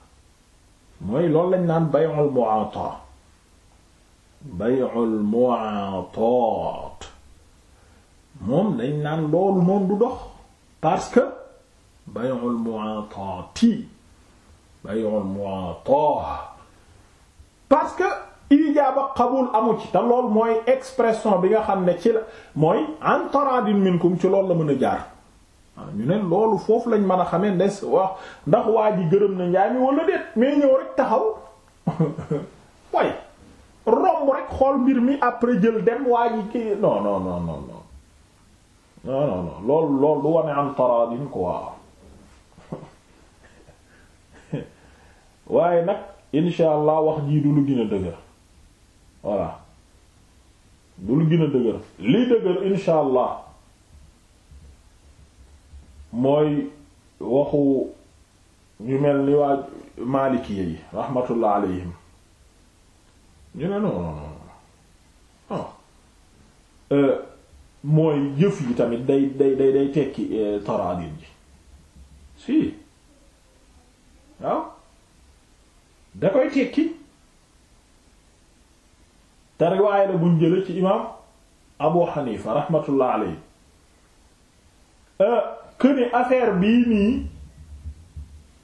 mooy loolu lañ naan bay'ul mu'ata bay'ul mu'atat moom dañ naan loolu moom du dox parce que bay'ul mu'atati bay'ul mu'ata parce que ijaaba qabul amu ci te loolu mooy expression bi nga xam ne ci la mooy an taradin minkum ci loolu la mën a jaar ñu ne loolu foofu lañ mën a xamee ndes wax ndax waa ji gërëm na njaay mi wala déet mais ñëw rek taxaw [laughs] way romb rek xool mbir mi après jël dem waa ji kii non non non non non non loolu loolu du wane am taraadin quoi [laughs] waaye nag insha wax jii du lu gën a dëgër voilà du lu gën a dëgër lii dëgër insha allah mooy waxu ñu mel ni waa Maliki yi rahmatullah alayhim ñu ne non non oh. euh, mooy jëf yi tamit day day day day tekki euh, taraadin ji si waaw da koy tekki te riwaaya la buñ jële ci imaam Abu Hanifa rahmatullah alayhi euh, que ni affaire bii nii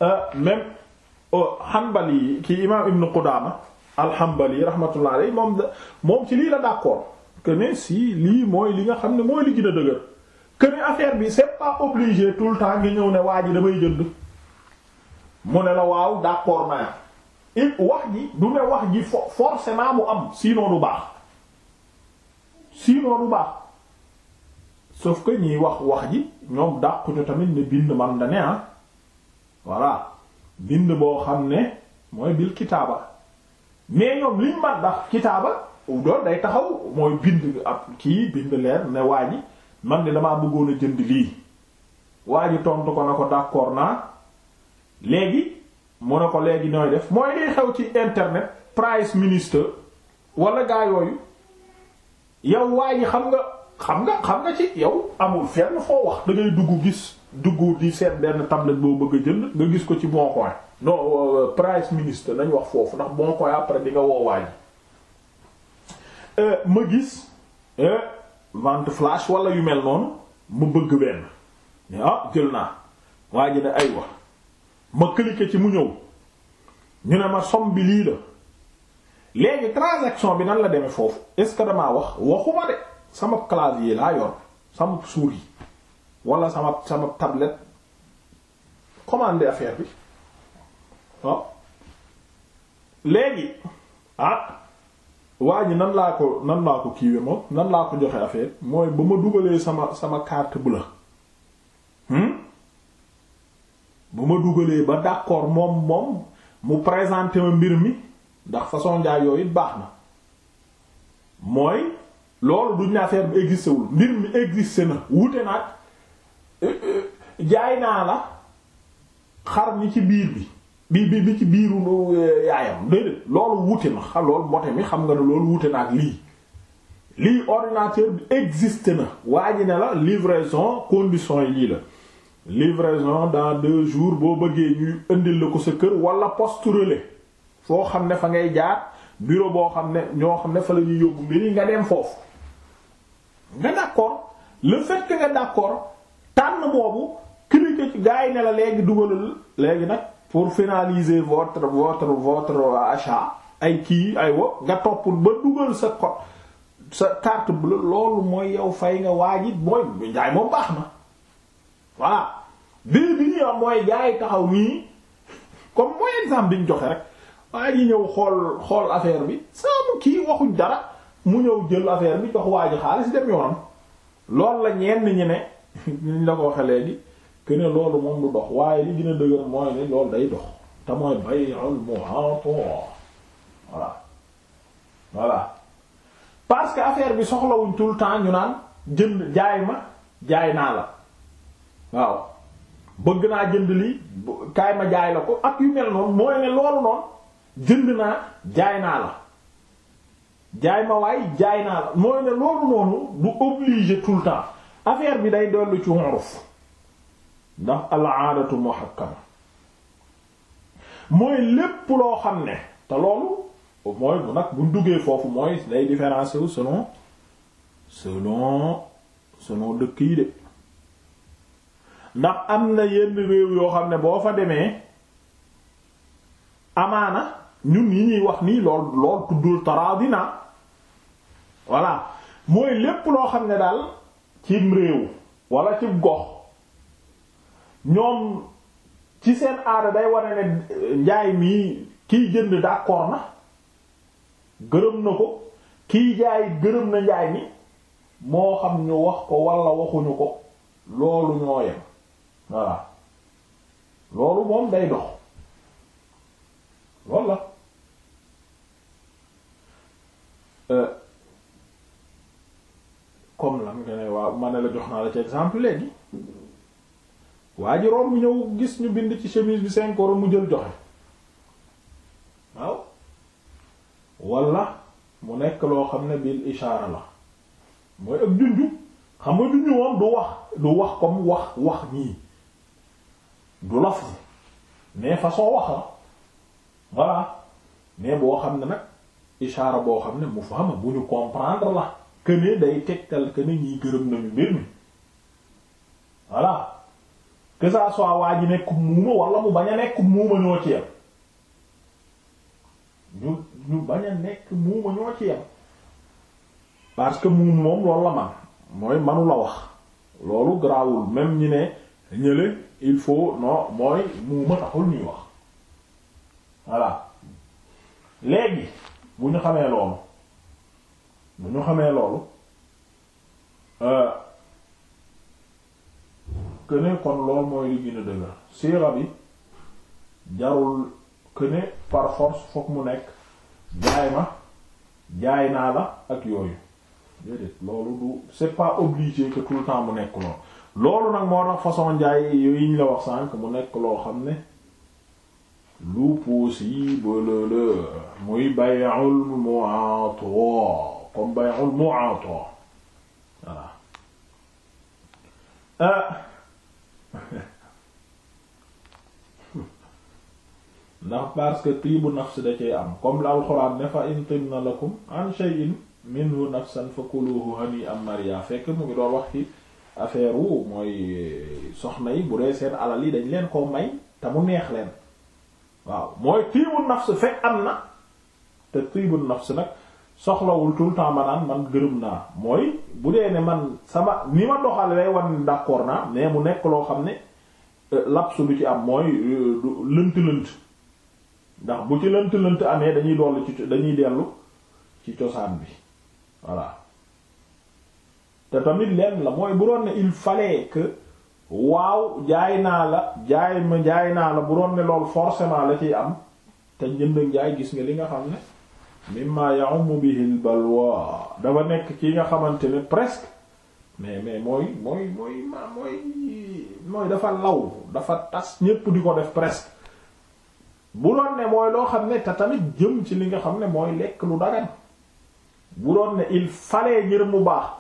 euh, même euh, Hanbali yi ki imaam Ibn Qudaama al-Hanbali rahmatullah alayhi moom ci lii la d'accord que ne si lii mooy li nga xam ne mooy li gën a dëgër que ni affaire bi c'est pas obliger tout le temps ngi ñëw ne waa ji damay jënd mu ne la waaw d'accord naa il wax ji du ne wax ji forcément mu am sinon du baax sinon du baax. sauf que ñiy wax wax ji ñoom dàquñu tamit ne bind man da ne ah voilà bind boo xam ne mooy bil kitaaba mais ñoom liñ man dax kitaaba doon day taxaw mooy bind ab kii bind leer ne waa ji man de damaa bëggoon a jënd lii waa ji tontu ko na ko d'accord naa léegi mu ne ko léegi nooy def mooy liy xew ci internet price minister wala gaa yooyu yow waa ji xam nga xam nga xam nga ci yow amul fenn foo wax da ngay dugg gis dugg di seet benn tablette boo bëgg a jënd nga gis ko ci Bon Coin non euh, price ministre nañ wax foofu ndax Bon Coin après di nga woowaay euh, ma gis euh, vente flash wala yu mel noonu ma bëgg benn ne ah jël naa waa ne ay wax ma cliquer ci mu ñëw ñu ne ma somme bi lii la léegi transaction bi nan la demee foofu est ce que damaa wax waxuma de sama clavier laa yor sama souris wala sama sama tablette commandé affaire bi waaw léegi ah waa ñi nan laa ko nan laa ko kiiwe moom nan laa ko joxe affaire mooy bu ma dugalee sama sama carte bleue hmm bu ma dugalee ba d'accord moom moom mu présenté ma mbir mi ndax façon njaay yooyu baax na mooy loolu duñ ne affaire bi existé wul mbir mi existé na wute nag euh, euh, jaay naa la xar mi ci biir bi bi bi bi ci biiru euh, yaayam déedéet loolu wute na xam loolu mbote mi xam nga ne loolu wute na ak lii lii ordinateur bi existé na waa ji ne la livraison condition yi lii la livraison dans deux jours boo bëggee ñuy indil la ko sa kër wala poste foo xam ne fa ngay jaar bureau boo xam ne ñoo xam ne fa la ñuy yóbbu mbir yi nga dem foofu nga d'accord le fait nga d'accord tànn boobu cliquer ci gars yi ne la léegi dugalal léegi nag pour finaliser votre votre votre achat ay kii ay wo nga topp ba dugal sa code sa carte loolu mooy yow fay nga waajib mooy njaay moom baax na voilà bii bi ñu mooy gars yi taxaw nii comme mooy exemple bi ñu joxe rek waaye ñi ñëw xool xool affaire bi saa kii waxuñ dara. mu ñëw jël affaire bi jox waa xaalis dem yoonam lool la ñenn ñi ne ñu la ko waxee léegi que ne loolu moom du dox waaye li gën dëgër mooy ne loolu day dox te mooy bay'ul mu'ata voilà voilà parce que affaire bi soxlawuñ tout le temps ñu naan jënd jaay ma jaay naa la waaw bëgg naa jënd lii kaay ma jaay la ko ak yu mel noonu mooy ne loolu noonu jënd naa jaay naa la. jaay ma waay jaay naa la mooy ne loolu noonu du obligé tout le temps affaire bi day dollu ci uruf ndax al-aadatu muhakkama mooy lépp loo xam ne te loolu mooy bu nag buñ duggee foofu mooy day différencé wu selon selon selon dëkk yi de ndax am na yenn réew yoo xam ne boo fa demee amaana ñun yi ñuy wax nii lool lool tuddul taraadina voilà mooy lépp loo xam ne daal cim réew wala ci gox ñoom ci seen aada day ware ne njaay mii kiy jënd d'accord na gërëm na ko kiy jaay gërëm na njaay mi moo xam ñu wax ko wala waxuñu ko loolu ñoo yem voilà loolu moom day dox walla comme lan nga ne waaw ma la jox naa la ci exemple léegi waa ji ñëw gis ñu bind ci chemise bi cinq euros mu jël joxe waaw wala mu nekk loo xam ne bil ishaara la mooy ak junju xam nga junju moom du wax du wax comme wax wax nii du laf mais façon wax la voilà mais boo xam ne nag ishaara boo xam ne mufhama bu ñu comprendre la que ne day tegtal que ne ñiy gërëm nañu mbir mi voilà que ça soit waa ji nekk muuma wala mu bañ a nekk muuma ñoo ci yam ñu ñu bañ a nekk muuma ñoo ci yam parce que muum moom loolu la man mooy manu wax loolu garaawul même ñi ne ñële il faut non mooy muuma taxul ñuy wax voilà léegi bu ñu xamee loolu bu ñu xamee loolu këne euh, kon lool mooy li gën a dëgër siira bi jarul këne par force fokk mu nekk jaay ma jaay naa la ak yooyu déedéet loolu du c'est pas obligé que tout temps mu nekk loolu loolu nag moo tax façon jaay yooyu ñu la wax sànq mu nekk loo xam ne lu possible la muy bay'ul mu'ata comme bay'ul mu'ata voilà ah [laughs] ndax parce que tiibu nafs da cee am comme la alxuraan ne fa in tibna lakum an shay'in minhu nafsan fakuluhu hani'an mariya fekk mu ngi doon wax ci affaire wu mooy soxna yi bu dee seen alal yi dañ leen koo may te mu neex leen waaw mooy tiibu nafs fekk am na te tiibu nafs nag soxlawul tout le ma naan man gërëm naa mooy bu dee ne man sama ni ma doxale lay wan d'accord naa mais mu nekk loo xam ne euh, lapsu bi ci am mooy lënt-lënt euh, ndax bu ci lënt-lënt amee dañuy dollu ci dañuy dellu ci cosaan bi voilà te tamit lenn la mooy bu doon ne il fallait que waaw jaay naa la jaay ma jaay naa la bu doon ne lool forcément la ciy am te njënd ak jaay gis nga li nga xam ne mimma ya'um bi al balwa dafa nekk ci nga xamante ne presque mais mais mooy mooy mooy mooy mooy dafa law dafa tas ñépp di ko def presque bu doon ne mooy loo xam ne te tamit jëm ci li nga xam ne mooy lekk lu dagan bu doon ne il fallait ngir mu baax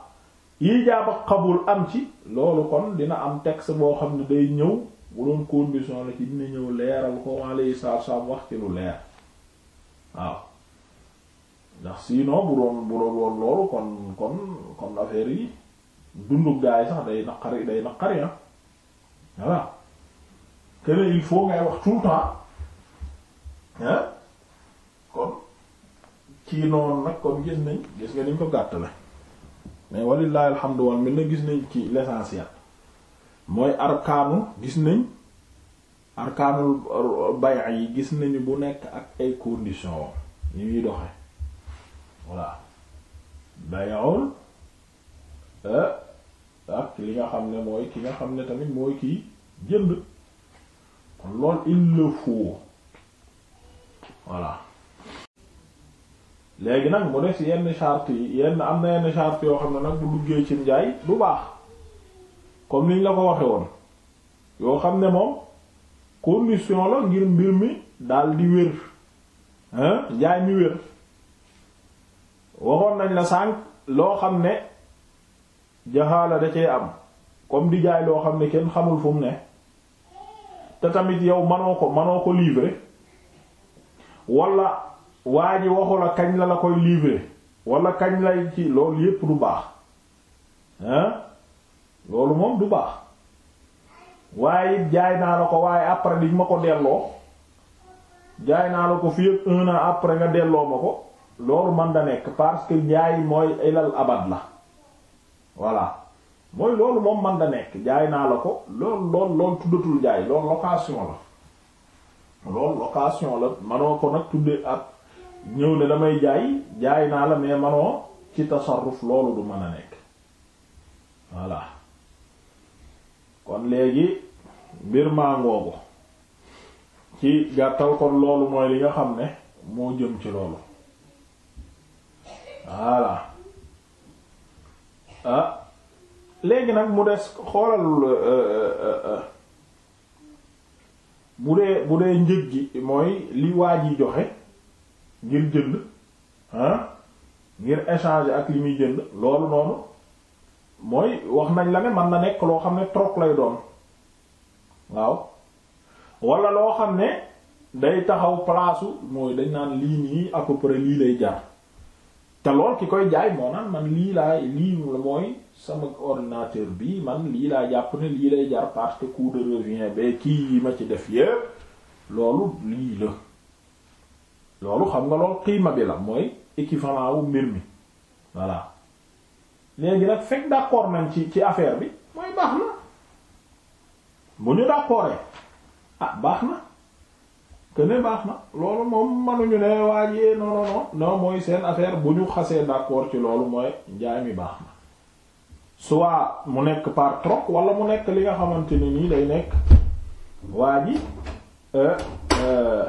ijaaba qabul am ci loolu kon dina am texte boo xam ne day ñëw bu doon condition la ci dina ñëw leeral ko alayhi salaatu salaam wax ci lu leer waaw ndax sinon bu doon bu doon loolu kon kon kon yi dundu gaay sax day naqari day naqari ah voilà kene il faut ngay wax tout le temps hein ah. kon ci noonu nag kon gis nañ gis nga niñ ko gàtt la mais walillahi alhamdu wal na gis nañ ci l'essentiel mooy arkaanu gis nañ arkaanul bay'a yi gis nañu bu nekk ak ay conditions yi ñuy doxe voilà bay'ul euh, ak li nga xam ne mooy ki nga xam ne tamit mooy kii jënd kon il le faut voilà léegi nag mu des yenn charte yi yenn am na yenn charte yoo xam ne nag bu duggee ci njaay du baax comme niñ la ko waxe woon yoo xam ne moom condition la ngir mbir mi daal di wér hein njaay mi wér waxoon nañ la sànq loo xam ne jaxaala da cee am comme di jaay loo xam ne kenn xamul fu mu ne te tamit yow manoo ko manoo ko livrer wala waa ji waxu kañ la la koy livrer wala kañ lay ci loolu yépp du baax hein loolu moom du baax waaye it jaay naa la ko waaye après diñ ma ko delloo jaay naa la ko fi yépp un an après nga delloo ma ko loolu man da nekk parce que jaay mooy ilal abad la voilà mooy loolu moom man da nekk jaay naa la ko loolu loolu loolu tuddatul jaay loolu location la loolu location la manoo ko nag tuddee ab ñëw ne damay jaay jaay naa la mais manoo ci tasarruf loolu du mën a nekk voilà kon léegi mbir màngoo ngoogu ci gàttal kon loolu mooy li nga xam ne moo jëm ci loolu voilà ah, léegi nag mu des xoolal euh, euh, euh, bu dee bu dee njëg gi mooy li waa ji joxe ngir jënd ah ngir échanger ak li muy jënd loolu noonu mooy wax nañ la ne mën na nekk loo xam ne troc lay doon waaw wala loo xam ne day taxaw place mooy dañ naan lii nii à peu près lii lay jar te lool ki koy jaay moo naan man lii laa lii mooy sama ordinateur bi man lii laa jàpp ne lii lay jar parce que coût de revient ba kii yi ma ci def yépp loolu lii la. loolu xam nga lool xiima bi la mooy équivalent wu mbir mi voilà léegi nag fekk d'accord nañ ci ci affaire bi mooy baax na bu ñu d'accordé ah baax na te baax na loolu moom mënuñu ne waajee non non non non mooy seen affaire bu ñu xasee d'accord ci loolu mooy njaay mi baax na soit mu nekk par trop wala mu nekk li nga xamante ni nii day nekk waa ji euh, euh,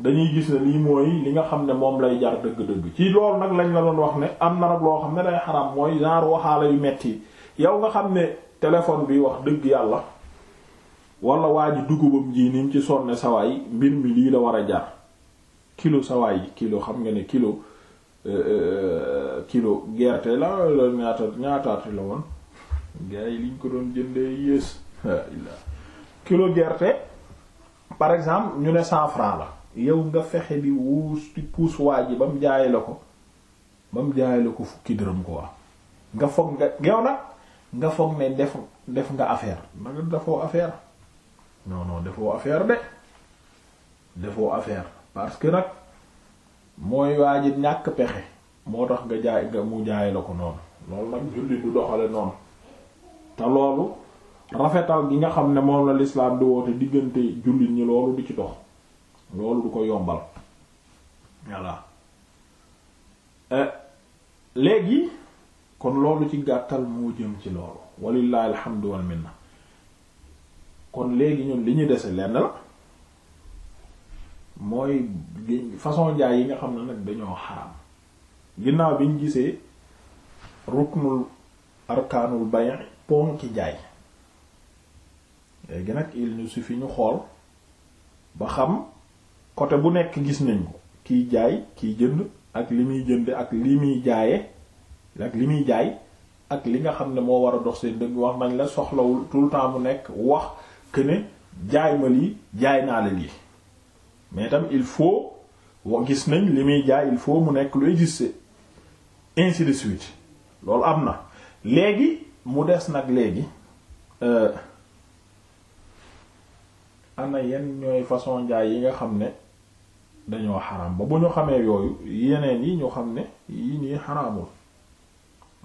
dañuy gis ne lii mooy li nga xam ne moom lay jar dëgg-dëgg ci loolu nag lañ la doon wax ne am na rab loo xam ne day xaram mooy genre waxaale yu metti yow nga xam ne téléphone bi wax dëgg yàlla wala waa ji dugubam ji ni mu ci sonne sawaay mbir mi lii la war a jar kilo sawaay kilo xam nga ne kilo euh, euh, kilo gerte la la ñaata ñaataati la woon gars yi liñ ko doon jëndee yées [laughs] kilo gerte par exemple ñu ne cent francs la yow nga fexe bi wuus di puus waa ba mu jaay la ko ba mu jaay la ko fukki dërëm ko waa nga foog nga yow nag nga foog ne def def nga affaire nag defoo affaire non non dafoo affaire de defoo affaire parce que nag mooy waa ñàkk pexe moo tax nga jaay nga mu jaay la ko noonu loolu nag julli du doxale noonu te loolu rafetal gi nga xam ne moom la lislaam di woote diggante jullit ñi loolu di ci dox loolu du ko yombal voilà euh, léegi kon loolu ci gàttal moo jëm ci loolu walillahi alhamdu wal minna kon léegi ñun li ñu dese lenn la mooy façon jaay yi nga xam ne nag dañoo xaraam ginnaaw bi ñu gisee ruknul arkaanul bay ponki jaay léegi nag il ñu suffit ñu xool ba xam côté bu nekk gis nañ ko kiy jaay kiy jënd ak li muy jënd ak li muy jaaye ak li muy jaay ak li nga xam ne moo war a dox seen dëgg wax nañ la soxlawul tout le temps mu nekk wax que ne jaay ma lii jaay naa la lii mais tam il faut wa gis nañ li muy jaay il faut mu nekk lu exister ainsi loolu am na léegi mu des nag léegi euh, ana yenn ñooy façon jaay yi nga xam ne dañoo xaraam ba bu ñu xamee yooyu yeneen yi ñu xam ne yii nii xaraamul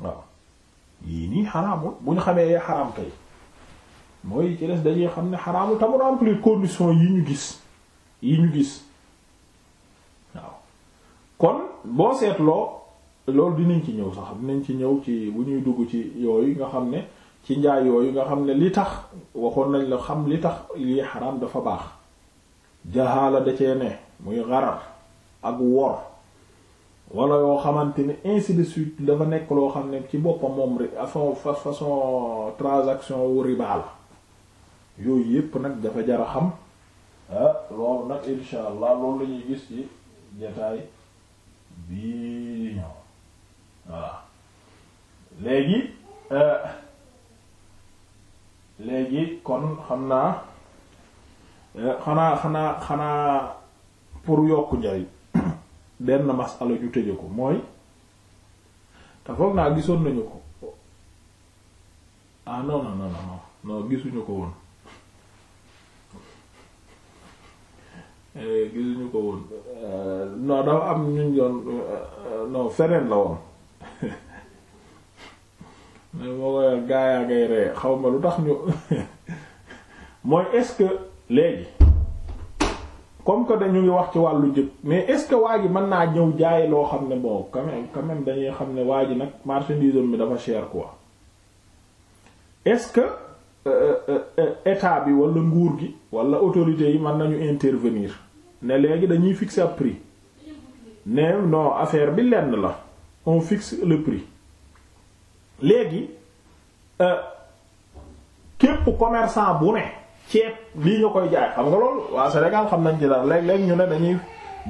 waaw yii nii xaraamul bu ñu xamee yee xaraam kay mooy ci dañuy xam ne xaraamul te mu remplir condition yi ñu gis yi ñu gis waaw kon boo seetloo loolu dinañ ci ñëw sax dinañ ci ñëw ci bu ñuy dugg ci yooyu nga xam ne ci njaay yooyu nga xam ne li tax waxoon nañ la xam li tax lii xaraam dafa baax jaxaala da cee ne muy xarar ak wor wala yoo xamante ni ainsi de suite dafa nekk loo xam ne ci boppam moom façon façon transaction wu riba yooyu yépp nag dafa jar a xam ah loolu nag insha allah loolu la ñuy gis ci jotaay bii ñëw voilà léegi euh, léegi kon xam naa euh, xanaa xanaa xanaa pour yokk njariñ [coughs] benn masala ju tëje ko mooy te foog naa gisoon nañu ko ah non non non gisuñu ko woon [laughs] eh, gisuñu ko woon eh, non dafa am ñu doon eh, non feneen la woon mais [laughs] moo koy gaayaa ngay ree xaw ma lu tax ñu [laughs] mooy est-ce que léegi comme que dañu ngi wax ci wàllu njëg mais est-ce que waa ji mën naa ñëw jaay loo xam ne bon quand même quand même dañuy xam ne waa ji nag marchandise bi dafa cher quoi est-ce que euh, euh, euh, état bi walla nguur gi wala autorités yi mën nañu intervenir ne léegi dañuy fixe ab prix ne non affaire bi lenn la on fixe le prix léegi képp commerçant bu ne. ceeb lii ñu koy jaay xam nga loolu waa Sénégal xam nañ ci dara léeg-léeg ñu ne dañuy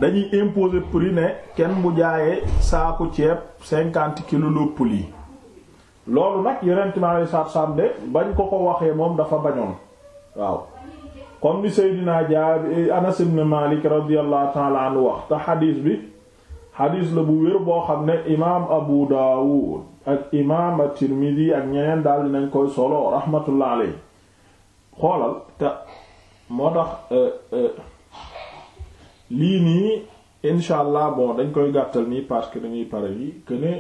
dañuy imposer prix ne kenn bu jaayee saaku ceeb cinquante kilos lépp lii loolu nag yonent mi alayhi de bañ ko ko waxee moom dafa bañoon waaw comme ni Seydina Jaabir Anas ibn Malik radiyallahu ta'ala anhu wax te xadiis bi xadiis la bu wér boo xam ne imaam Abu Dawud ak imaam at-Tirmidhi ak ñeneen daal dinañ koy solo rahmatullah alayhi xoolal te moo tax euh, euh, lii nii incha allah bon dañ koy gàttal nii parce que dañuy pare yi que ne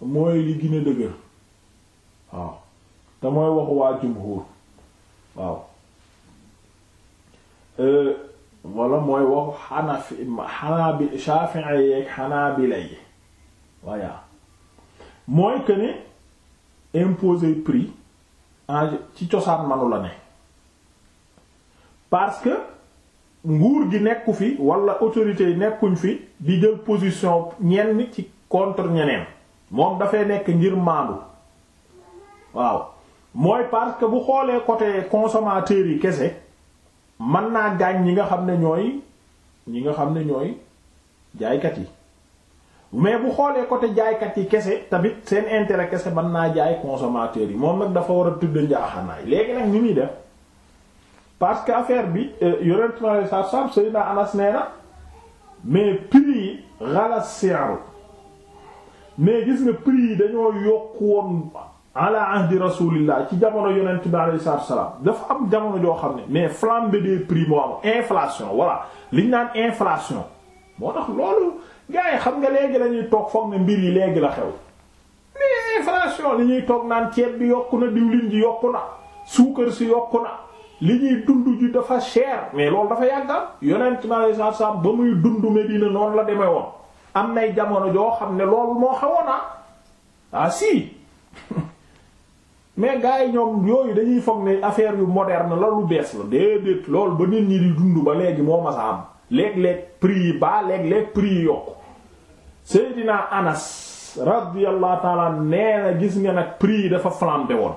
mooy li gën dëgër waaw te mooy waxu waa jumhur waaw euh, wala mooy waxu xanafi xanaa bi Shafi'i yeeg xanaa bi lay voilà mooy que ne imposer prix ci cosaan manu la ne parce que nguur gi nekku fi wala autorités yi nekkuñ fi di jël position ñenn ci contre ñeneen moom dafay nekk ngir maandu waaw mooy parce que bu xoolee côté consommateurs yi kese mën naa gaañ ñi nga xam ne ñooy ñi nga xam ne ñooy jaaykat yi mais bu xoolee côté jaaykat yi kese tamit seen intérêt kese mën naa jaay consommateurs yi moom nag dafa war a tudd njaaxanaay léegi nag ni muy def parce que affaire bi euh, yonent mi alei satu salam Seydina Anas nee mais prix yi xala mais gis nga prix yi dañoo yokk woon ala ahdi rasulillah ci jamono yonent bi alei satu salam dafa am jamono joo xam ne mais bi des prix moo am inflation voilà liñ naan inflation moo tax loolu gars yi xam nga léegi lañuy toog foog ne mbir yi léegi la xew mais inflation li toog naan ceeb bi yokk na diwlin ji yokk na suukar si yokk na li ñuy dund ji dafa cher mais loolu dafa yàggal ah. yonent mi alayhi salaatu salaam ba muy dund Medina noonu la demee woon am nay jamono joo xam ne loolu moo xawoon na ah. ah si [laughs] mais gars yi ñoom yooyu dañuy foog ne affaire yu moderne la lu bees la déedéet loolu ba nit ñi di dund ba léegi moo mas a am léeg-léeg prix yi baa léeg-léeg prix yi yokku Seydina Anas radiyallahu taala nee na gis nga nag prix yi dafa flambé woon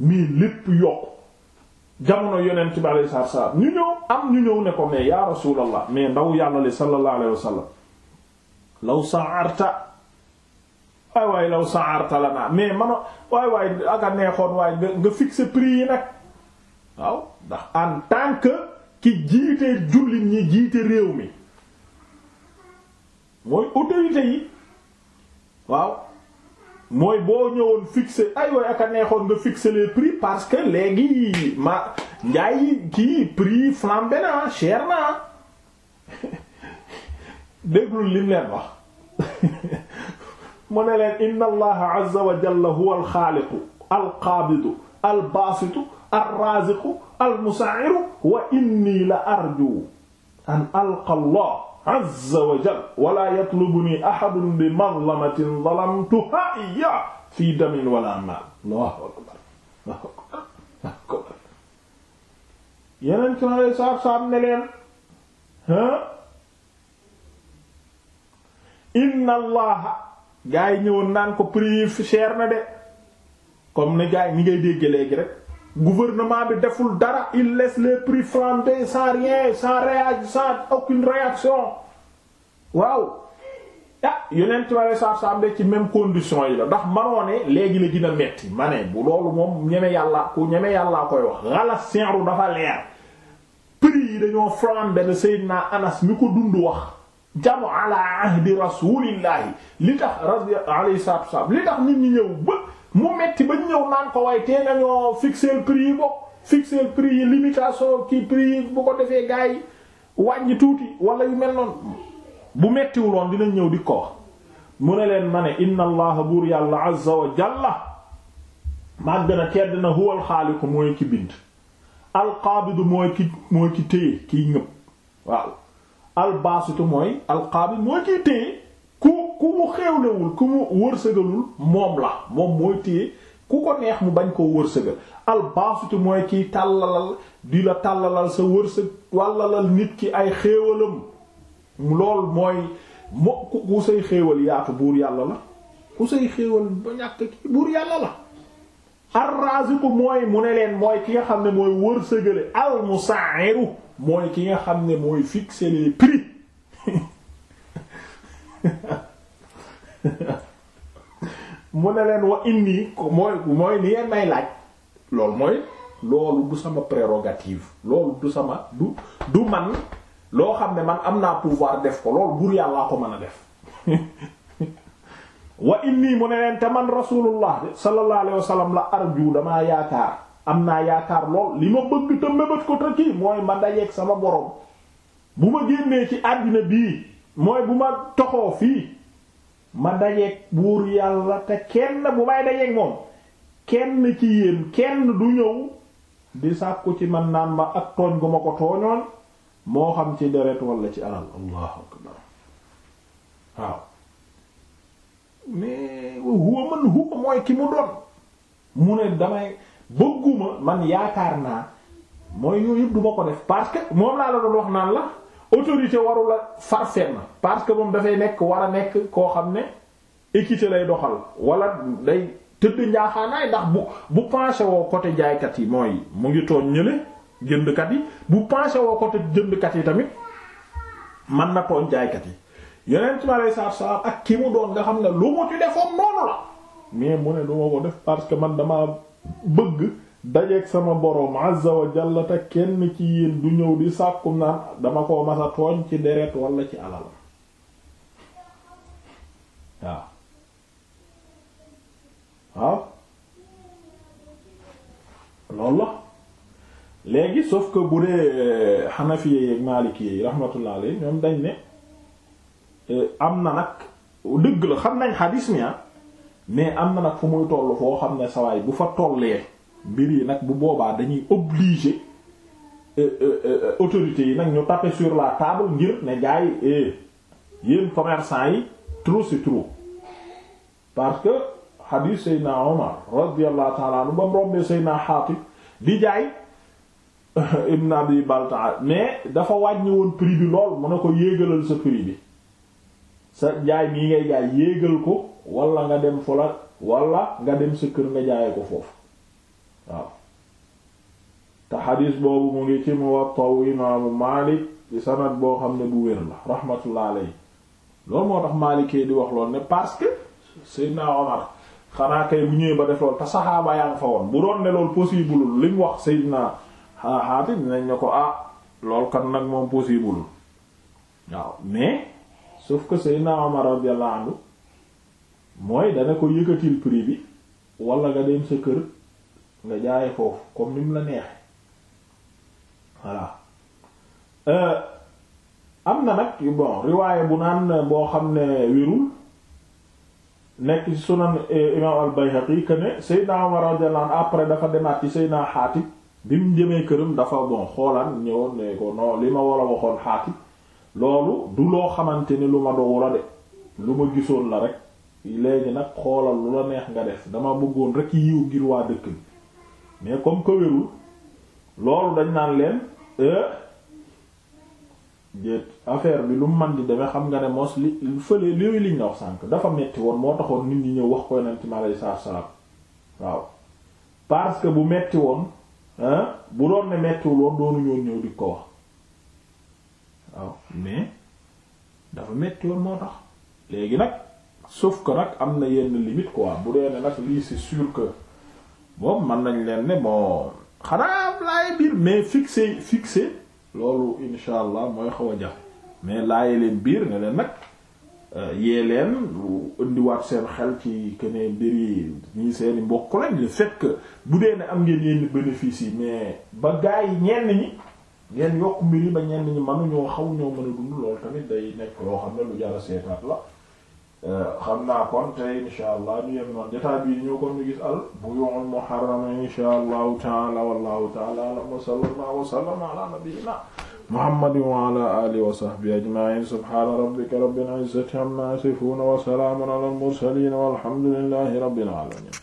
mii lépp yokku jamono yonent bi alayhi salaatu salaam ñu ñëw am ñu ñëw ne ko mais ya rasulallah mais ndaw yàlla li sallallahu alayhi wasallam law sa'arta waay waay law sa'arta la naa mais mano waay waay aka neexoon waay nga fixer prix yi nag waaw ndax en tant ki jiite jullit ñi jiite réew mi mooy autorité yi waaw mooy boo ñëwoon fixé ay way ak a neexoon nga fixé les prix parce que léegi ma njaay kii prix flambé na cher na [laughs] déglul lim leen wax [laughs] mu ne leen inna allaha azza wa huwa alxaaliqu alqaabidu albaasitu alraaziqu almusaa'iru wa inni la arju an alqa azza wa jal wala yatlubuni ahadun bi mazlamatin zalamtuha iya fii damin wala maal Allahu akbar Allahu akbar yeneen ci ma saab saab ne leen inna allaha gaa yi ñëwoon naan ko prix cher na de comme ne gaa yi ni ngay dégg léegi rek gouvernement bi deful dara il laisse les prix flamber sans rien sans réa sans aucune réaction waaw ah yeneen ci wàllu saabsaab ci même condition yi la ndax mënoo ne léegi la gën metti ma bu loolu moom ñeme yàlla ku ñeme yàlla koy wax xala seeru dafa leer prix yi dañoo flamber de Seydina Anas mi ko dund wax. jamu ala ahdi rasulillahi li tax rajo alayhi salaatu wa li tax nit ñi ñëw ba. mu metti ba ñëw naan ko waaye tee nañoo fixer le prix yi bokk fixer prix yi limitation kii prix yi bu ko defee gars wàññi tuuti walla yu mel noonu bu mettiwuloon dina ñëw di ko mu ne leen ma ne inna allaha buur yàlla azza wa jalla màgg na tedd na huwal xaaliqu mooy ki bind alqaabidu mooy ki mooy ki téye kiy ngëb waaw albasitu mooy alqaabid mooy kiy téye ku mu xewlewul ku mu wërsëgalul moom la moom mooy téye ku ko neex mu bañ koo wërsëgal albaasutu mooy kiy tàllalal di la tàllalal sa wërsëg wallalal nit ki ay xéewalam lool mooy mo ku say xéewal yaatu buur yàlla la ku say xéewal ba ñàkk ki buur yàlla la arraziqu mooy mu ne leen mooy ki nga xam ne mooy wërsëgale al musaa'iru mooy ki nga xam ne mooy fixer les [laughs] [laughs] mu ne leen wa indi mooy mooy li ngeen may laaj loolu mooy loolu du sama prérogative loolu du sama du du man loo xam ne man am naa pouvoir def ko loolu buur yàllaa ko mën a def [laughs] wa inni mu ne leen te man rasulullah sallallahu alayhi wa sallam la arju damaa yaakaar am naa yaakaar lool li ma bëgg te mébét ko te kii mooy ma dajeeg sama borom bu ma génnee ci àddina bii mooy bu ma toxoo fii ma dajeeg buur yàlla te kenn bu may dajeeg moom kenn ci yéen kenn du ñëw di sàkku ci man naan ma ak tooñ gu ma ko tooñoon moo xam ci deret walla ci alal allahu akbar waaw mais huwa mooy ki mu doon mu ne damay bëgguma man yaakaar naa mooy yooyu yëpp du ma ko def parce moom laa la doon wax naan la autorité warula la farfenn parce que moom dafay nekk war a nekk koo xam ne équité lay doxal wala day tëdd njaaxaanaay ndax bu bu penché woo côté jaaykat yi mooy mu ngi tooñ ñële jëndkat yi bu penché woo côté jëndkat yi tamit mën na tooñ jaaykat yi yeneen ci ma lay saabsaab ak ki mu doon nga xam ne lu mu ci defoo noonu la mais mu ne lu ma ko def parce que man dama bëgg. dajeeg sama borom azza wa jalla kenn ci yéen du ñëw di sàkku na dama ko masa tooñ ci deret wala ci alal waaw waaw loolu la léegi sauf que bu dee xanafiye euh, yeeg maaliki yi rahmatullah alayhi ñoom dañ ne euh, am na nag dëgg la xam nañ xadis mi ah, mais am na nag fu muy toll foo xam ne sawaay bu fa tollee mbir yi nag bu boobaa dañuy obligé euh, euh, euh, autorités yi nag ñu taper sur la table ngir ne gars yi eh, yéen yi trop c'est trop parce que hadith Seydina Omar radiyallahu ta'ala anhu ba mu rombee Seydina Hatib di jaay Ibn Abi Baltaa mais dafa wàññi woon prix bi lool mën ne ko yéegalal sa prix bi sa jaay mii ngay jaay yéegal ko wala nga dem fola wala nga dem sa kër nga jaayee ko foofu waaw te xadiis boobu mu ngi ci Muwatta imaamu Maalik ci sanad boo xam ne bu wér la rahmatullah alayhi loolu moo tax Maalikee di wax lool ne parce que Seydina Omar xanaa kay bu ñëwee ba def loolu te saxaaba yaa ngi fa woon bu doon ne loolu possible li wax Seydina Haatib dinañ ne ko ah loolu kan nag moom possible waaw mais sauf que Seydina Omar radiyallahu anhu mooy dana ko yëkkatil prix bi wala nga dem sa kër. nga jaaye foofu comme ni mu la neexe voilà euh, am na nag bon riwaaye bu naan boo xam ne wérul nekk ci sunan euh, imam al-Bayhaqi que ne Seydina Umar radiyallahu anhu après dafa demaat ci Seydina Xaatib bi mu jëmee këram dafa bon xoolaan ñëwoon ne li ma war waxoon Xaatib loolu du loo xamante ni lu ma dogu la de lu ma gisoon la rek léegi nag xoolal lu la neex nga def dama bëggoon rek yiw ngir waa dëkk bi mais comme que wérul loolu dañ naan leen euh, affaire bi lu man di demee xam nga ne mos li fële looyu liñ la wax sànk dafa metti woon moo taxoon nit ñi ñëw wax ko yonent mi aleyhi salaatu waaw parce que bu metti woon bu doon ne mettiwul doonu ñoon ñëw di ko wax waaw mais dafa metti woon moo tax léegi nag sauf que nag am na yenn limite quoi bu dee ne nag lii c'est sûr que boobu man nañ leen ne moo xanaa laay biir mais fixé fixé loolu insha allah mooy xaw a jax mais laaye leen biir ne leen nag euh, yee leen lu indiwaat seen xel ci que ne mbir yi ñii seen i mbokk lañ le fait bu dee ne am ngeen yenn bénéfice yi mais ba gaa yi ñenn ñi ngeen yokk mbir yi ba ñenn ñi mënuñoo xaw ñoo mën a dund loolu tamit day nekk loo xam ne lu jara seetaat la Euh, xam naa kon tey insha allah ñu yem noon jotaay bii ñoo kon ñu gis al buyu'ul muharrama insha allahu taala wallahu taala alam wa sallallahu wa sallama ala nabiyyina muhammadin wa ala alihi wa sahbihi ajma'in subhana rabbika rabbil izzati amma yasifun wa salamun ala al mursalin walhamdulillahi rabbil alamin